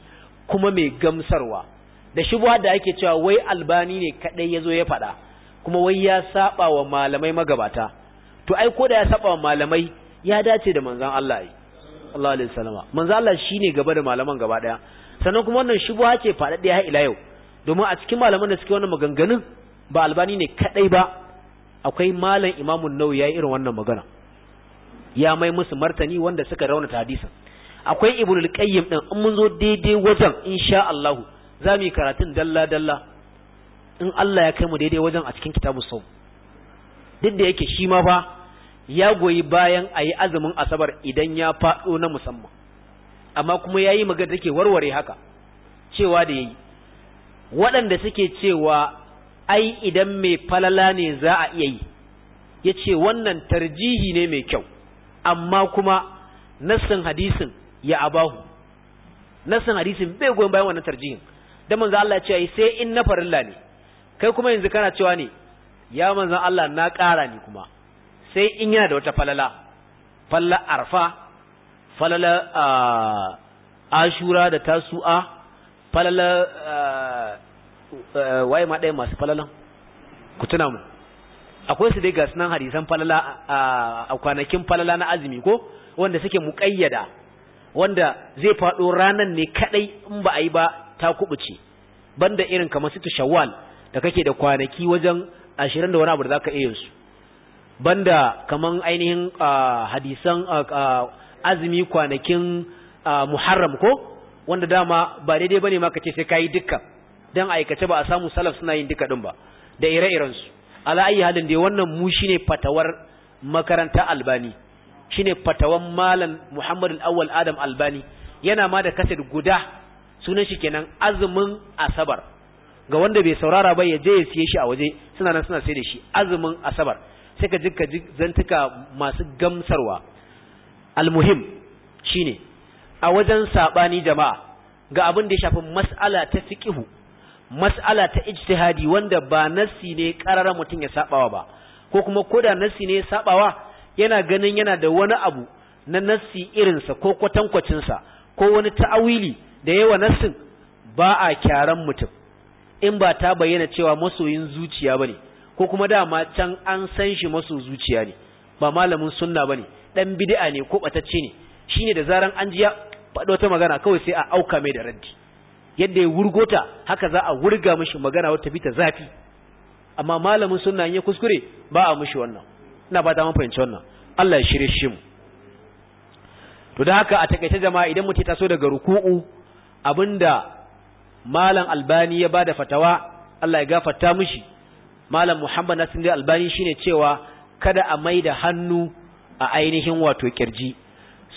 kuma mai gamsarwa da shubuwa da ake cewa wai albani ne kadai yazo ya faɗa kuma wai ya saba wa malamai magabata to ai ko da ya saba malamai ya dace da manzon Allah ai Allah alaihi salama manzon Allah shine gaba da malaman gaba daya sannan kuma wannan shubha ce fadadde har ila yau domin a cikin malaman da suke wannan maganganun ba albani ne kadai ba akwai malam imamun ya yayi irin wannan magana ya mai musu martani wanda suka rauna hadisin akwai ibnu al-qayyim din in mun zo daidai wajen insha Allah za mu yi karatun dalla dalla in Allah ya kai mu daidai wajen a cikin kitabus sawm duk da yake shi ma fa ya goyi bayan a yi azumin asabar idan ya faɗo na musamman amma kuma ya yi magana take warware haka cewa da ya yi waɗanda suke cewa ai idan mai falala ne za a iya yi yace wannan tarjihi ne mai kyau amma kuma nassan hadisin ya abahu nassan hadisin bai goyi bayan wannan tarjihin da manzo Allah ya ce sai in na farilla ne kai kuma yanzu kana cewa ne ya manzan Allah na ƙara ni kuma sai in yana da wata falala falla arfa falala ah, ashura da tasu'a falala ah, ah, waye ma ɗaya masu falalan ku tuna mu akwai su dai ga sunan hadisan falala a kwanakin falala na azumi ko wanda suke muƙayyada wanda zai faɗo ranar ne kaɗai in ba a yi ba ta kuɓuce banda irin kamar su shawwal da kake da kwanaki wajen ashirin da wani abu da za ka iya yinsu banda kaman ainihin hadisan azumi kwanakin muharram ko wanda dama ba daidai ba ne ma ce sai ka kayi dukkan dan aikace ba a samu salaf suna yin duka ɗin ba da ire-iren su ala ayi halin da wannan mu shine fatawar makaranta albani shine fatawan malam Muhammad awal Adam Albani yana ma da kasar guda sunan shi kenan azumin asabar ga wanda bai saurara ba ya je ya siye shi a waje suna nan suna sai da shi azumin asabar sai ka jikka zantuka masu gamsarwa almuhim shine a wajen sabani jama'a ga abin da ya shafi mas'ala ta fiqhu mas'ala ta ijtihadi wanda ba nassi ne karara mutum ya sabawa ba ko kuma koda nassi ne sabawa yana ganin yana da wani abu na nassi sa ko kwatankwacinsa ko wani ta'awili da yawa nassin ba a kyaran mutum in ba ta bayyana cewa masoyin zuciya bane ko kuma dama can an san shi maso zuciya ne ba malamin sunna bane dan bid'a ne ko batacce ne shine da zaran an ji ya faɗo ta magana kawai sai a auka mai da raddi yadda ya wurgota haka za a wurga mishi magana wata fita zafi amma malamin sunna in ya kuskure ba a mishi wannan ina ba ta mun fahimci wannan Allah ya shirye shi mu to da haka a takaice jama'a idan mutum ya taso daga ruku'u abinda malam albani ya bada fatawa Allah ya gafarta mushi, malam muhammad nasir albani shine cewa kada a maida hannu a ainihin wato kirji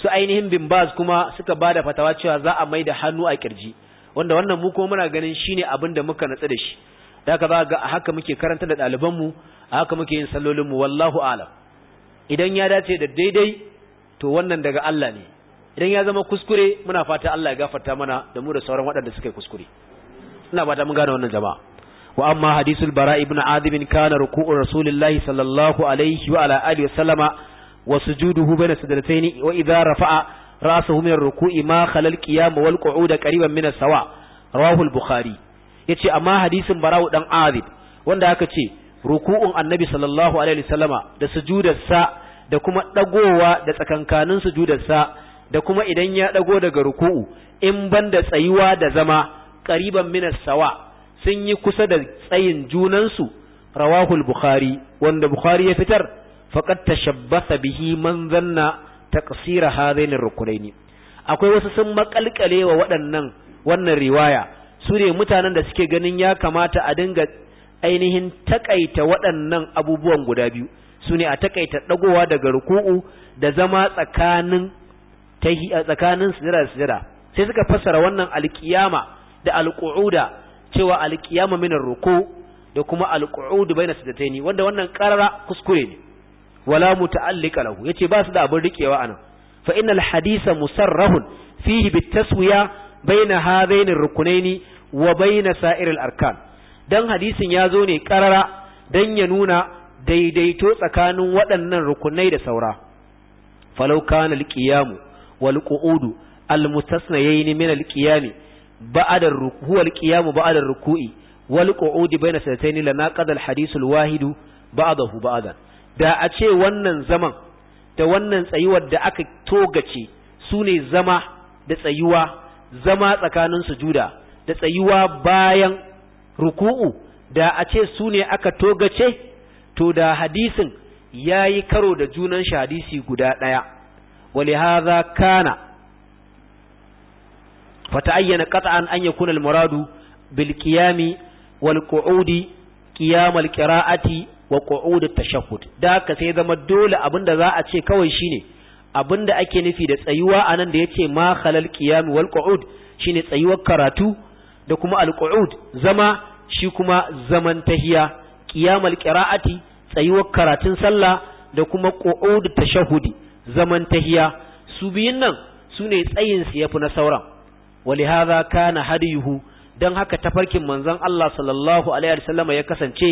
su ainihin bin kuma suka bada fatawa cewa za a maida hannu a kirji wanda wannan mu kuma muna ganin shine abin da muka natsu da shi da haka za ga haka muke karanta da ɗaliban mu haka muke yin sallolin mu wallahu a'lam idan ya dace da daidai to wannan daga Allah ne idan ya zama kuskure muna fata Allah ya gafarta mana da mu da sauran waɗanda suka yi kuskure ina fata mun gane wannan jama'a wa amma hadisul bara ibn adib kana ruku'u rasulillahi sallallahu alaihi wa ala alihi wa sallama wa sujuduhu baina sajdatayn wa idha rafa'a ra'sahu min ruku'i ma khalal qiyam wal qu'uda qariban min sawa rawahu al-bukhari yace amma hadisin bara'u dan adib wanda aka ce ruku'un annabi sallallahu alaihi wa sallama da sujudarsa da kuma dagowa da tsakankanin sujudarsa da kuma idan ya ɗago daga ruku'u in banda tsayuwa da zama ƙariban minas sawa sun yi kusa da tsayin junansu rawahul bukhari wanda bukhari ya fitar faqad tashabbasa bihi man zanna taqsira ar rukunaini akwai wasu sun makalkalewa waɗannan wannan riwaya su ne mutanen da suke ganin ya kamata a dinga ainihin takaita waɗannan abubuwan guda biyu su ne a takaita dagowa daga ruku'u da zama tsakanin a tsakanin sujada da sujada sai suka fassara wannan alkiyama da alqu'uda cewa alkiyama min ruku da kuma alqu'ud baina sujadaini wanda wannan qarara kuskure ne wala muta'alliqa lahu yace ba su da abin rikewa anan fa innal hadisa musarrahun fihi bitaswiya baina hadaini rukunaini wa baina sa'iril arkan dan hadisin ya zo ne qarara dan ya nuna daidaito tsakanin waɗannan rukunai da saura falau kana alqiyamu wal qu'udu al mutasnayayn min al qiyam ba'da huwa al qiyam ba'da ruku'i wal qu'udi bayna sajdatain lana qad al hadith al wahid ba'dahu ba'dan da a ce wannan zaman da wannan tsayuwar da aka togace su ne zama da tsayuwa zama tsakanin sujuda da tsayuwa bayan ruku'u da a ce su ne aka togace to da hadisin ya yi karo da junan shi hadisi guda ɗaya ولهذا كان فتعين قطعا أن يكون المراد بالقيام والقعود قيام القراءة وقعود Da ذاك sai zama dole abinda za a ce kawai shine abinda ake nufi da tsayuwa a nan da yace ma khalal qiyam wal qu'ud shine tsayuwar karatu da kuma al zama shi kuma zaman tahiya qiyam al tsayuwar karatun sallah da kuma qu'ud tashahudi zaman tahiya su biyun nan su ne tsayin su yafi na sauran walihaza kana hadiyuhu dan haka tafarkin manzon Allah sallallahu alaihi wasallam ya kasance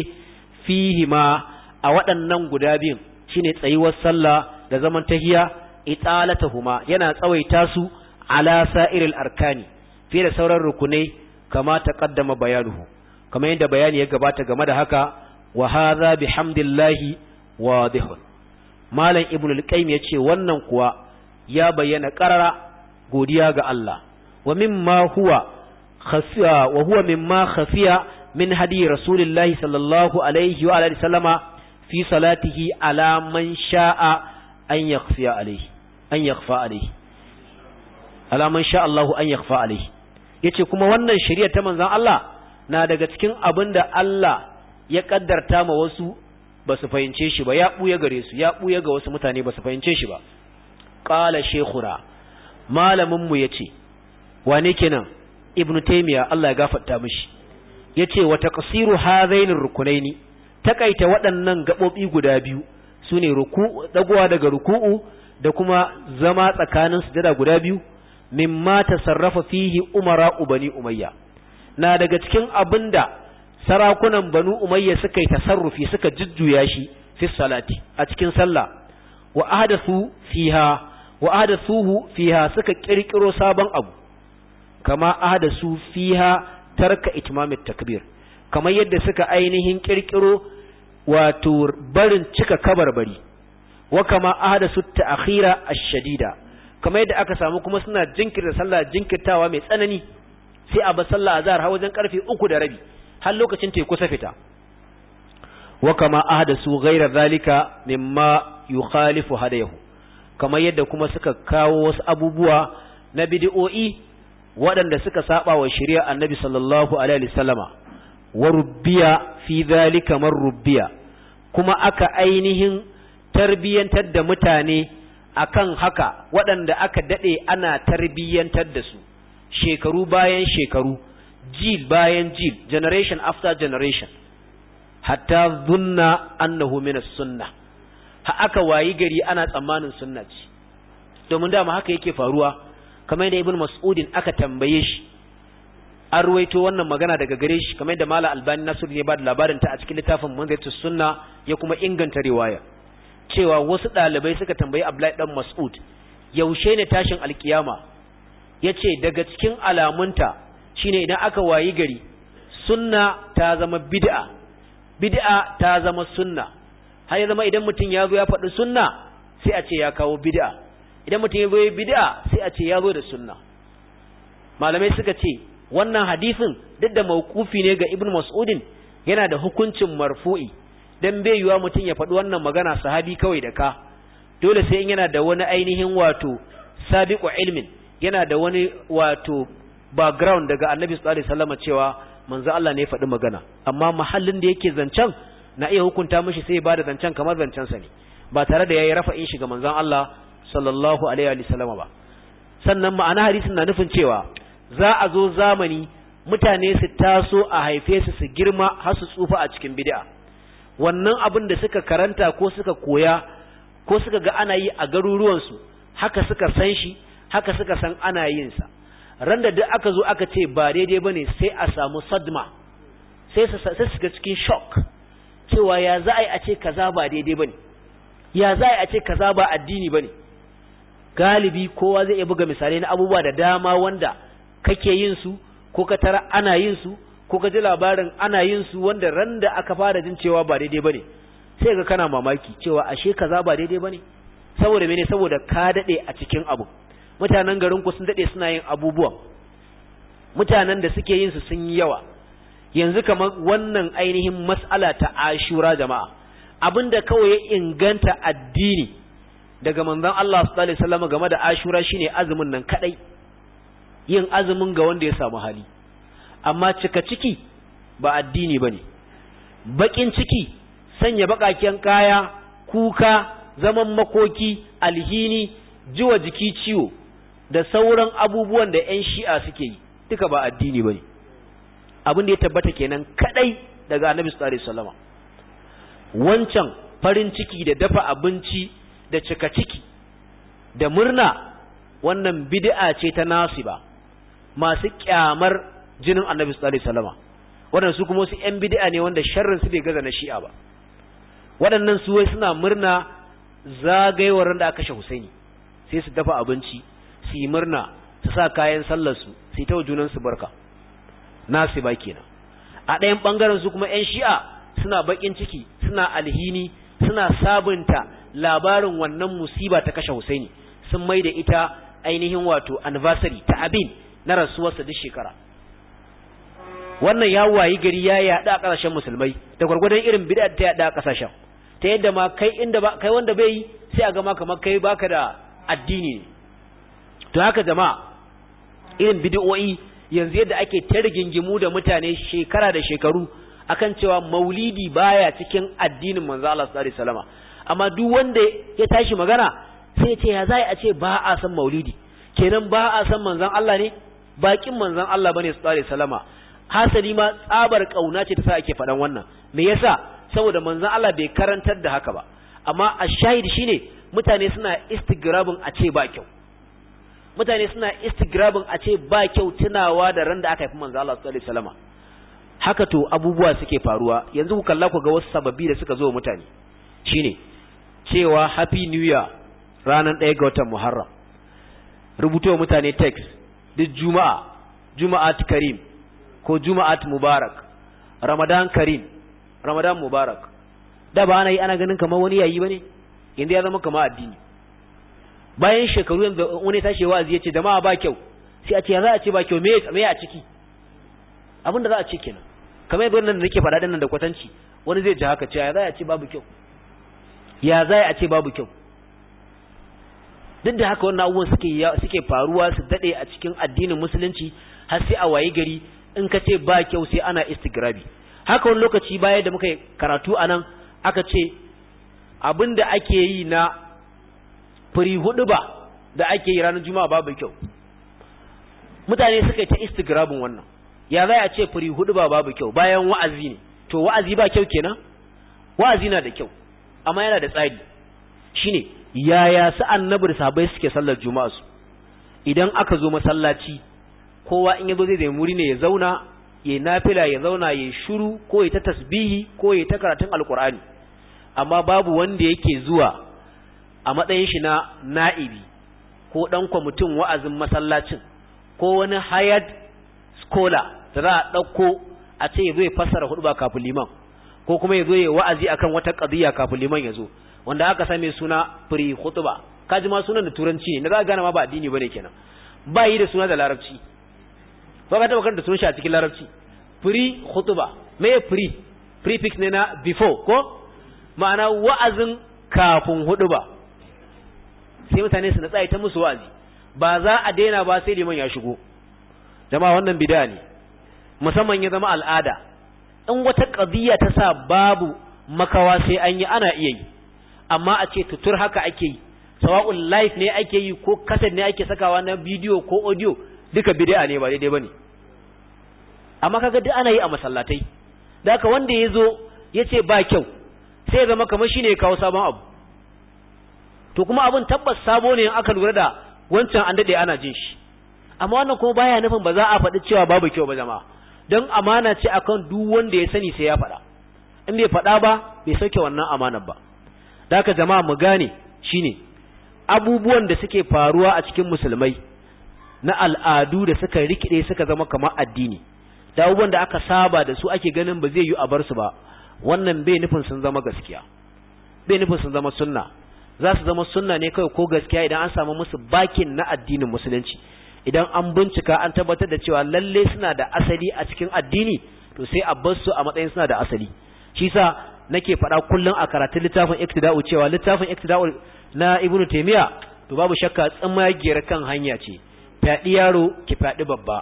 fihi ma a waɗannan guda biyun shine tsayuwar sallah da zaman tahiya italatahuma yana tsawaita su ala sa'iril arkani fiye da sauran rukunai kama taqaddama bayanuhu kamar yadda bayani ya gabata game da haka wa hadha bihamdillahi wadihun malam ibnu al-qayyim yace wannan kuwa ya bayyana qarara godiya ga Allah wa mimma huwa khafiya wa huwa mimma khafiya min hadi rasulillahi sallallahu alaihi wa alihi sallama fi salatihi ala man sha'a an yakhfiya alaihi an yakhfa alaihi ala man sha Allahu an yakhfa alaihi yace kuma wannan shari'a ta manzon Allah na daga cikin abin Allah ya kaddarta ma wasu ba su fahimce shi ba ya buya gare su ya buya ga wasu mutane ba su fahimce shi ba qala shaykhuna malamin mu yace wane kenan ibnu taymiya Allah ya gafarta mishi yace wa taqsiru hadain rukunaini takaita waɗannan gabobi guda biyu sune ruku'u dagowa daga ruku'u da kuma zama tsakanin su sujada guda biyu mimma sarrafa fihi umara ubani umayya na daga cikin abinda sarakunan banu umayya suka yi tasarrufi suka jujjuya shi fi salati a cikin sallah wa ahdathu fiha wa ahdathuhu fiha suka kirkiro sabon abu kama ahdathu fiha tarka itmamit takbir kamar yadda suka ainihin kirkiro wato barin cika kabarbari wa kama ahdathu ta'khira ash-shadida kamar yadda aka samu kuma suna jinkirta sallah jinkirtawa mai tsanani sai a ba sallah zahar har wajen karfe 3 da rabi har lokacin ta fita wa kama ahdasu ghayra zalika mimma yukhalifu hadayahu kamar yadda kuma suka kawo wasu abubuwa na bid'o'i waɗanda suka saba wa shari'a annabi sallallahu alaihi wasallama wa rubbiya fi zalika man rubbiya kuma aka ainihin tarbiyantar da mutane akan haka waɗanda aka daɗe ana tarbiyantar da su shekaru bayan shekaru jil bayan jil generation after generation hatta zunna annahu min sunna ha aka wayi gari ana tsammanin sunna ce domin dama haka yake faruwa kamar yadda ibn mas'udin aka tambaye shi an ruwaito wannan magana daga gare shi kamar yadda Malam albani nasir ya ba da labarin ta a cikin littafin manzaitu sunna ya kuma inganta riwaya cewa wasu ɗalibai suka tambayi abdullahi dan mas'ud yaushe ne tashin alkiyama yace daga cikin alamunta shine idan aka wayi gari sunna ta zama bid'a bid'a ta zama sunna har ya zama idan mutum ya zo ya faɗi sunna sai a ce ya kawo bid'a idan mutum ya zo ya bid'a sai a ce ya zo da sunna malamai suka ce wannan hadisin duk da mawqufi ne ga ibnu mas'udin yana da hukuncin marfu'i dan bai yiwa mutum ya faɗi wannan magana sahabi kawai da ka dole sai in yana da wani ainihin wato sabiqu ilmin yana da wani wato background daga annabi sallallahu alaihi wasallam cewa manzo Allah ne ya faɗi magana amma mahallin da yake zancen na iya hukunta mishi sai ya bada zancen kamar zancen sa ne ba tare da yayi rafa'in shi ga manzon Allah sallallahu alaihi wasallam ba sannan ma'ana hadisin na nufin cewa za a zo zamani mutane su taso a haife su su girma har su tsufa a cikin bid'a wannan abin da suka karanta ko suka koya ko suka ga ana yi a garuruwansu haka suka san shi haka suka san ana yin sa randa da duk aka zo aka ce ba daidai bane sai a samu sadma sai su sai cikin shock cewa ya za a yi a ce kaza ba daidai bane ya za a yi a ce kaza ba addini bane galibi kowa zai iya buga misalai na abubuwa da dama wanda kake yin su ko ka tara ana yin su ko ka ji labarin ana yin su wanda randa aka fara jin cewa ba daidai bane sai ga kana mamaki cewa ashe kaza ba daidai bane saboda mene saboda ka dade a cikin abu mutanen garin ku sun dade suna yin abubuwa mutanen da suke yin su sun yi yawa yanzu kamar wannan ainihin mas'ala ta ashura jama'a abinda kawai ya inganta addini daga manzon Allah sallallahu alaihi wasallam game da ashura shine azumin nan kadai yin azumin ga wanda ya samu hali amma cika ciki ba addini bane bakin ciki sanya bakaken kaya kuka zaman makoki alhini jiwa jiki ciwo da sauran abubuwan da 'yan shi'a suke yi duka ba addini ba ne abin da ya tabbata kenan kadai daga annabi sallallahu salama wancan farin ciki da dafa abinci da cika ciki da murna wannan bid'a ce ta ba masu kyamar jinin annabi sallallahu salama wannan su kuma wasu 'yan bid'a ne wanda sharrin su bai gaza na shi'a ba waɗannan su wai suna murna zagayewar da aka kashe Husaini sai su dafa abinci su murna su sa kayan sallarsu su yi ta junansu barka nasu ba kenan a ɗayan ɓangaren su kuma 'yan shi'a suna baƙin ciki suna alhini suna sabunta labarin wannan musiba ta kashe husaini sun mai da ita ainihin wato anniversary ta abin na rasuwarsa duk shekara wannan ya wayi gari ya yaɗa a ƙasashen musulmai da gwargwadon irin bid'a ta yaɗa a ƙasashen ta yadda ma kai inda ba kai wanda bai yi sai a gama kamar kai baka da addini ne to haka jama'a irin bidiyoyi yanzu yadda ake targingimu da mutane shekara da shekaru akan cewa maulidi baya cikin addinin manzo Allah sallallahu alaihi wasallam amma duk wanda ya tashi magana sai ce ya zai a ce ba a san maulidi kenan ba a san manzon Allah ne bakin manzon Allah bane sallallahu alaihi wasallam hasali ma tsabar kauna ce ta sa ake faɗan wannan me yasa saboda manzon Allah bai karantar da haka ba amma a shahid shine mutane suna istigrabin a ce ba kyau mutane suna istigrabin a ce ba kyau tunawa da ran da aka haifi manzo Allah sallallahu alaihi wasallam haka to abubuwa suke faruwa yanzu ku kalla ku ga wasu sababi da suka zo wa mutane shine cewa happy new year ranar 1 ga watan Muharram rubuto mutane text duk juma'a juma'at karim ko juma'at mubarak ramadan karim ramadan mubarak da ba ana yi ana ganin kamar wani yayi bane inda ya zama kamar addini bayan shekaru yanzu wani tashi wa ya ce da ma ba kyau sai a ce ya za a ce ba kyau me a ciki abin da za a ce kenan kamar yadda wannan da nake faɗa dinnan da kwatanci wani zai ji haka ce ya za a ce babu kyau ya za a ce babu kyau duk da haka wannan abubuwan suke suke faruwa su dade a cikin addinin musulunci har sai a waye gari in ka ce ba kyau sai ana istigrabi haka wani lokaci baya da muka karatu anan aka ce abin da ake yi na firi hudu ba da ake yi ranar juma'a babu kyau mutane suka yi ta istigrabin wannan ya za a ce firi hudu ba babu kyau bayan wa'azi ne to wa'azi ba kyau kenan wa'azi na da kyau amma yana da tsari shine yaya su annabi da sahabbai suke sallar juma'a su idan aka zo masallaci kowa in yazo zai da muri ne ya zauna ya nafila ya zauna ya shiru ko ya ta tasbihi ko ya ta karatun alkur'ani amma babu wanda yake zuwa a matsayin shi na na'ibi ko ɗan kwamitin wa'azin masallacin ko wani hayad scholar da za a ɗauko a ce ya zo ya fassara hudu ba kafin liman ko kuma ya zo ya wa'azi kan wata ƙadiyya kafin liman ya zo wanda aka same suna firi pre Ka kaji ma sunan da turanci ne na za gane ma ba addini ne kenan ba yi da suna da larabci ba ka taɓa kan da sunan shi a cikin larabci hudu ba me ya firi prefix ne na before ko ma'ana wa'azin kafin huɗuba. sai mutane su natsa ta musu wa'azi ba za a daina ba sai liman ya shigo jama'a wannan bid'a ne musamman ya zama al'ada in wata qadiyya ta sa babu makawa sai an yi ana iya yi amma a ce tutur haka ake yi sawa'un live ne ake yi ko kaset ne ake sakawa na bidiyo ko audio duka bid'a ne ba daidai bane amma kaga duk ana yi a masallatai da wanda ya zo ya ce ba kyau sai ya zama kamar shine ya kawo sabon abu to kuma abin tabbas sabo ne in aka lura da wancan an dade ana jin shi amma wannan kuma baya nufin ba za a faɗi cewa babu kyau ba jama'a don amana ce akan duk wanda ya sani sai ya faɗa in bai faɗa ba bai sauke wannan amanar ba da haka jama'a mu gane shine abubuwan da suke faruwa a cikin musulmai na al'adu da suka rikide suka zama kamar addini da abubuwan da aka saba da su ake ganin ba zai yi a bar su ba wannan bai nufin sun zama gaskiya bai nufin sun zama sunna za su zama sunna ne kawai ko gaskiya idan an samu musu bakin na addinin musulunci idan an bincika an tabbatar da cewa lalle suna da asali a cikin addini to sai a bar su a matsayin suna da asali shi sa nake faɗa kullum a karatun littafin iktida'u cewa littafin iktida'u na ibnu taymiya to babu shakka tsamagiyar kan hanya ce fyaɗe yaro ki fyaɗe babba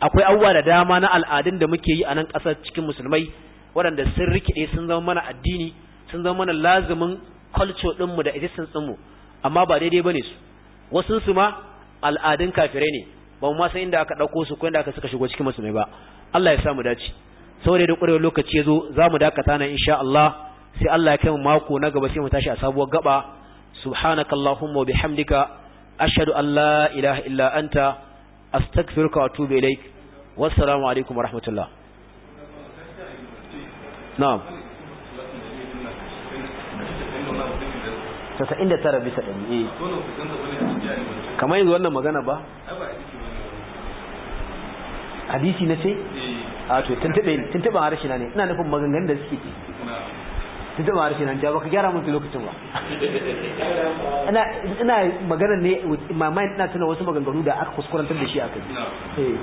akwai abubuwa da dama na al'adun da muke yi a nan ƙasar cikin musulmai waɗanda sun rikide sun zama mana addini sun zama mana lazumin culture ɗinmu da existence dinmu amma ba daidai ba ne su wasu su ma al'adun kafirai ne ba mu ma san inda aka ɗauko su ko inda aka suka shigo cikin mai ba Allah ya sa mu dace saboda da kurewa lokaci ya zo za mu dakata nan insha Allah sai Allah ya kai mu mako na gaba sai mu tashi a sabuwar gaba subhanakallahumma wa bihamdika ashhadu an la ilaha illa anta astaghfiruka wa atubu ilaik wassalamu alaikum wa rahmatullah na'am 99 bisa 100 eh kamar yanzu wannan magana ba hadisi na ce a to tuntube tuntube harshe na ne ina nufin maganganun da suke ci tuntube harshe na ja baka gyara mun lokacin ba ina ina magana ne my mind ina tuna wasu maganganu da aka kuskurantar da shi akai eh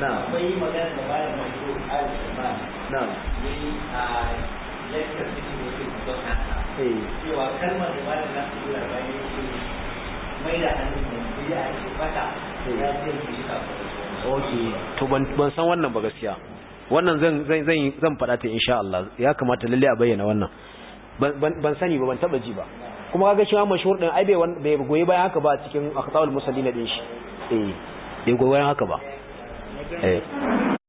na akwai magana da malam Mansur Al-Imam na ni a cikin. to ban san wannan ba gaskiya wannan zan zan zan zan faɗa ta insha Allah ya kamata lalle a bayyana wannan ban sani ba ban taba ji ba kuma kaga shi ma mashhur din ai bai goyi bayan haka ba cikin aqtaul musallina din shi eh bai goyi bayan haka ba eh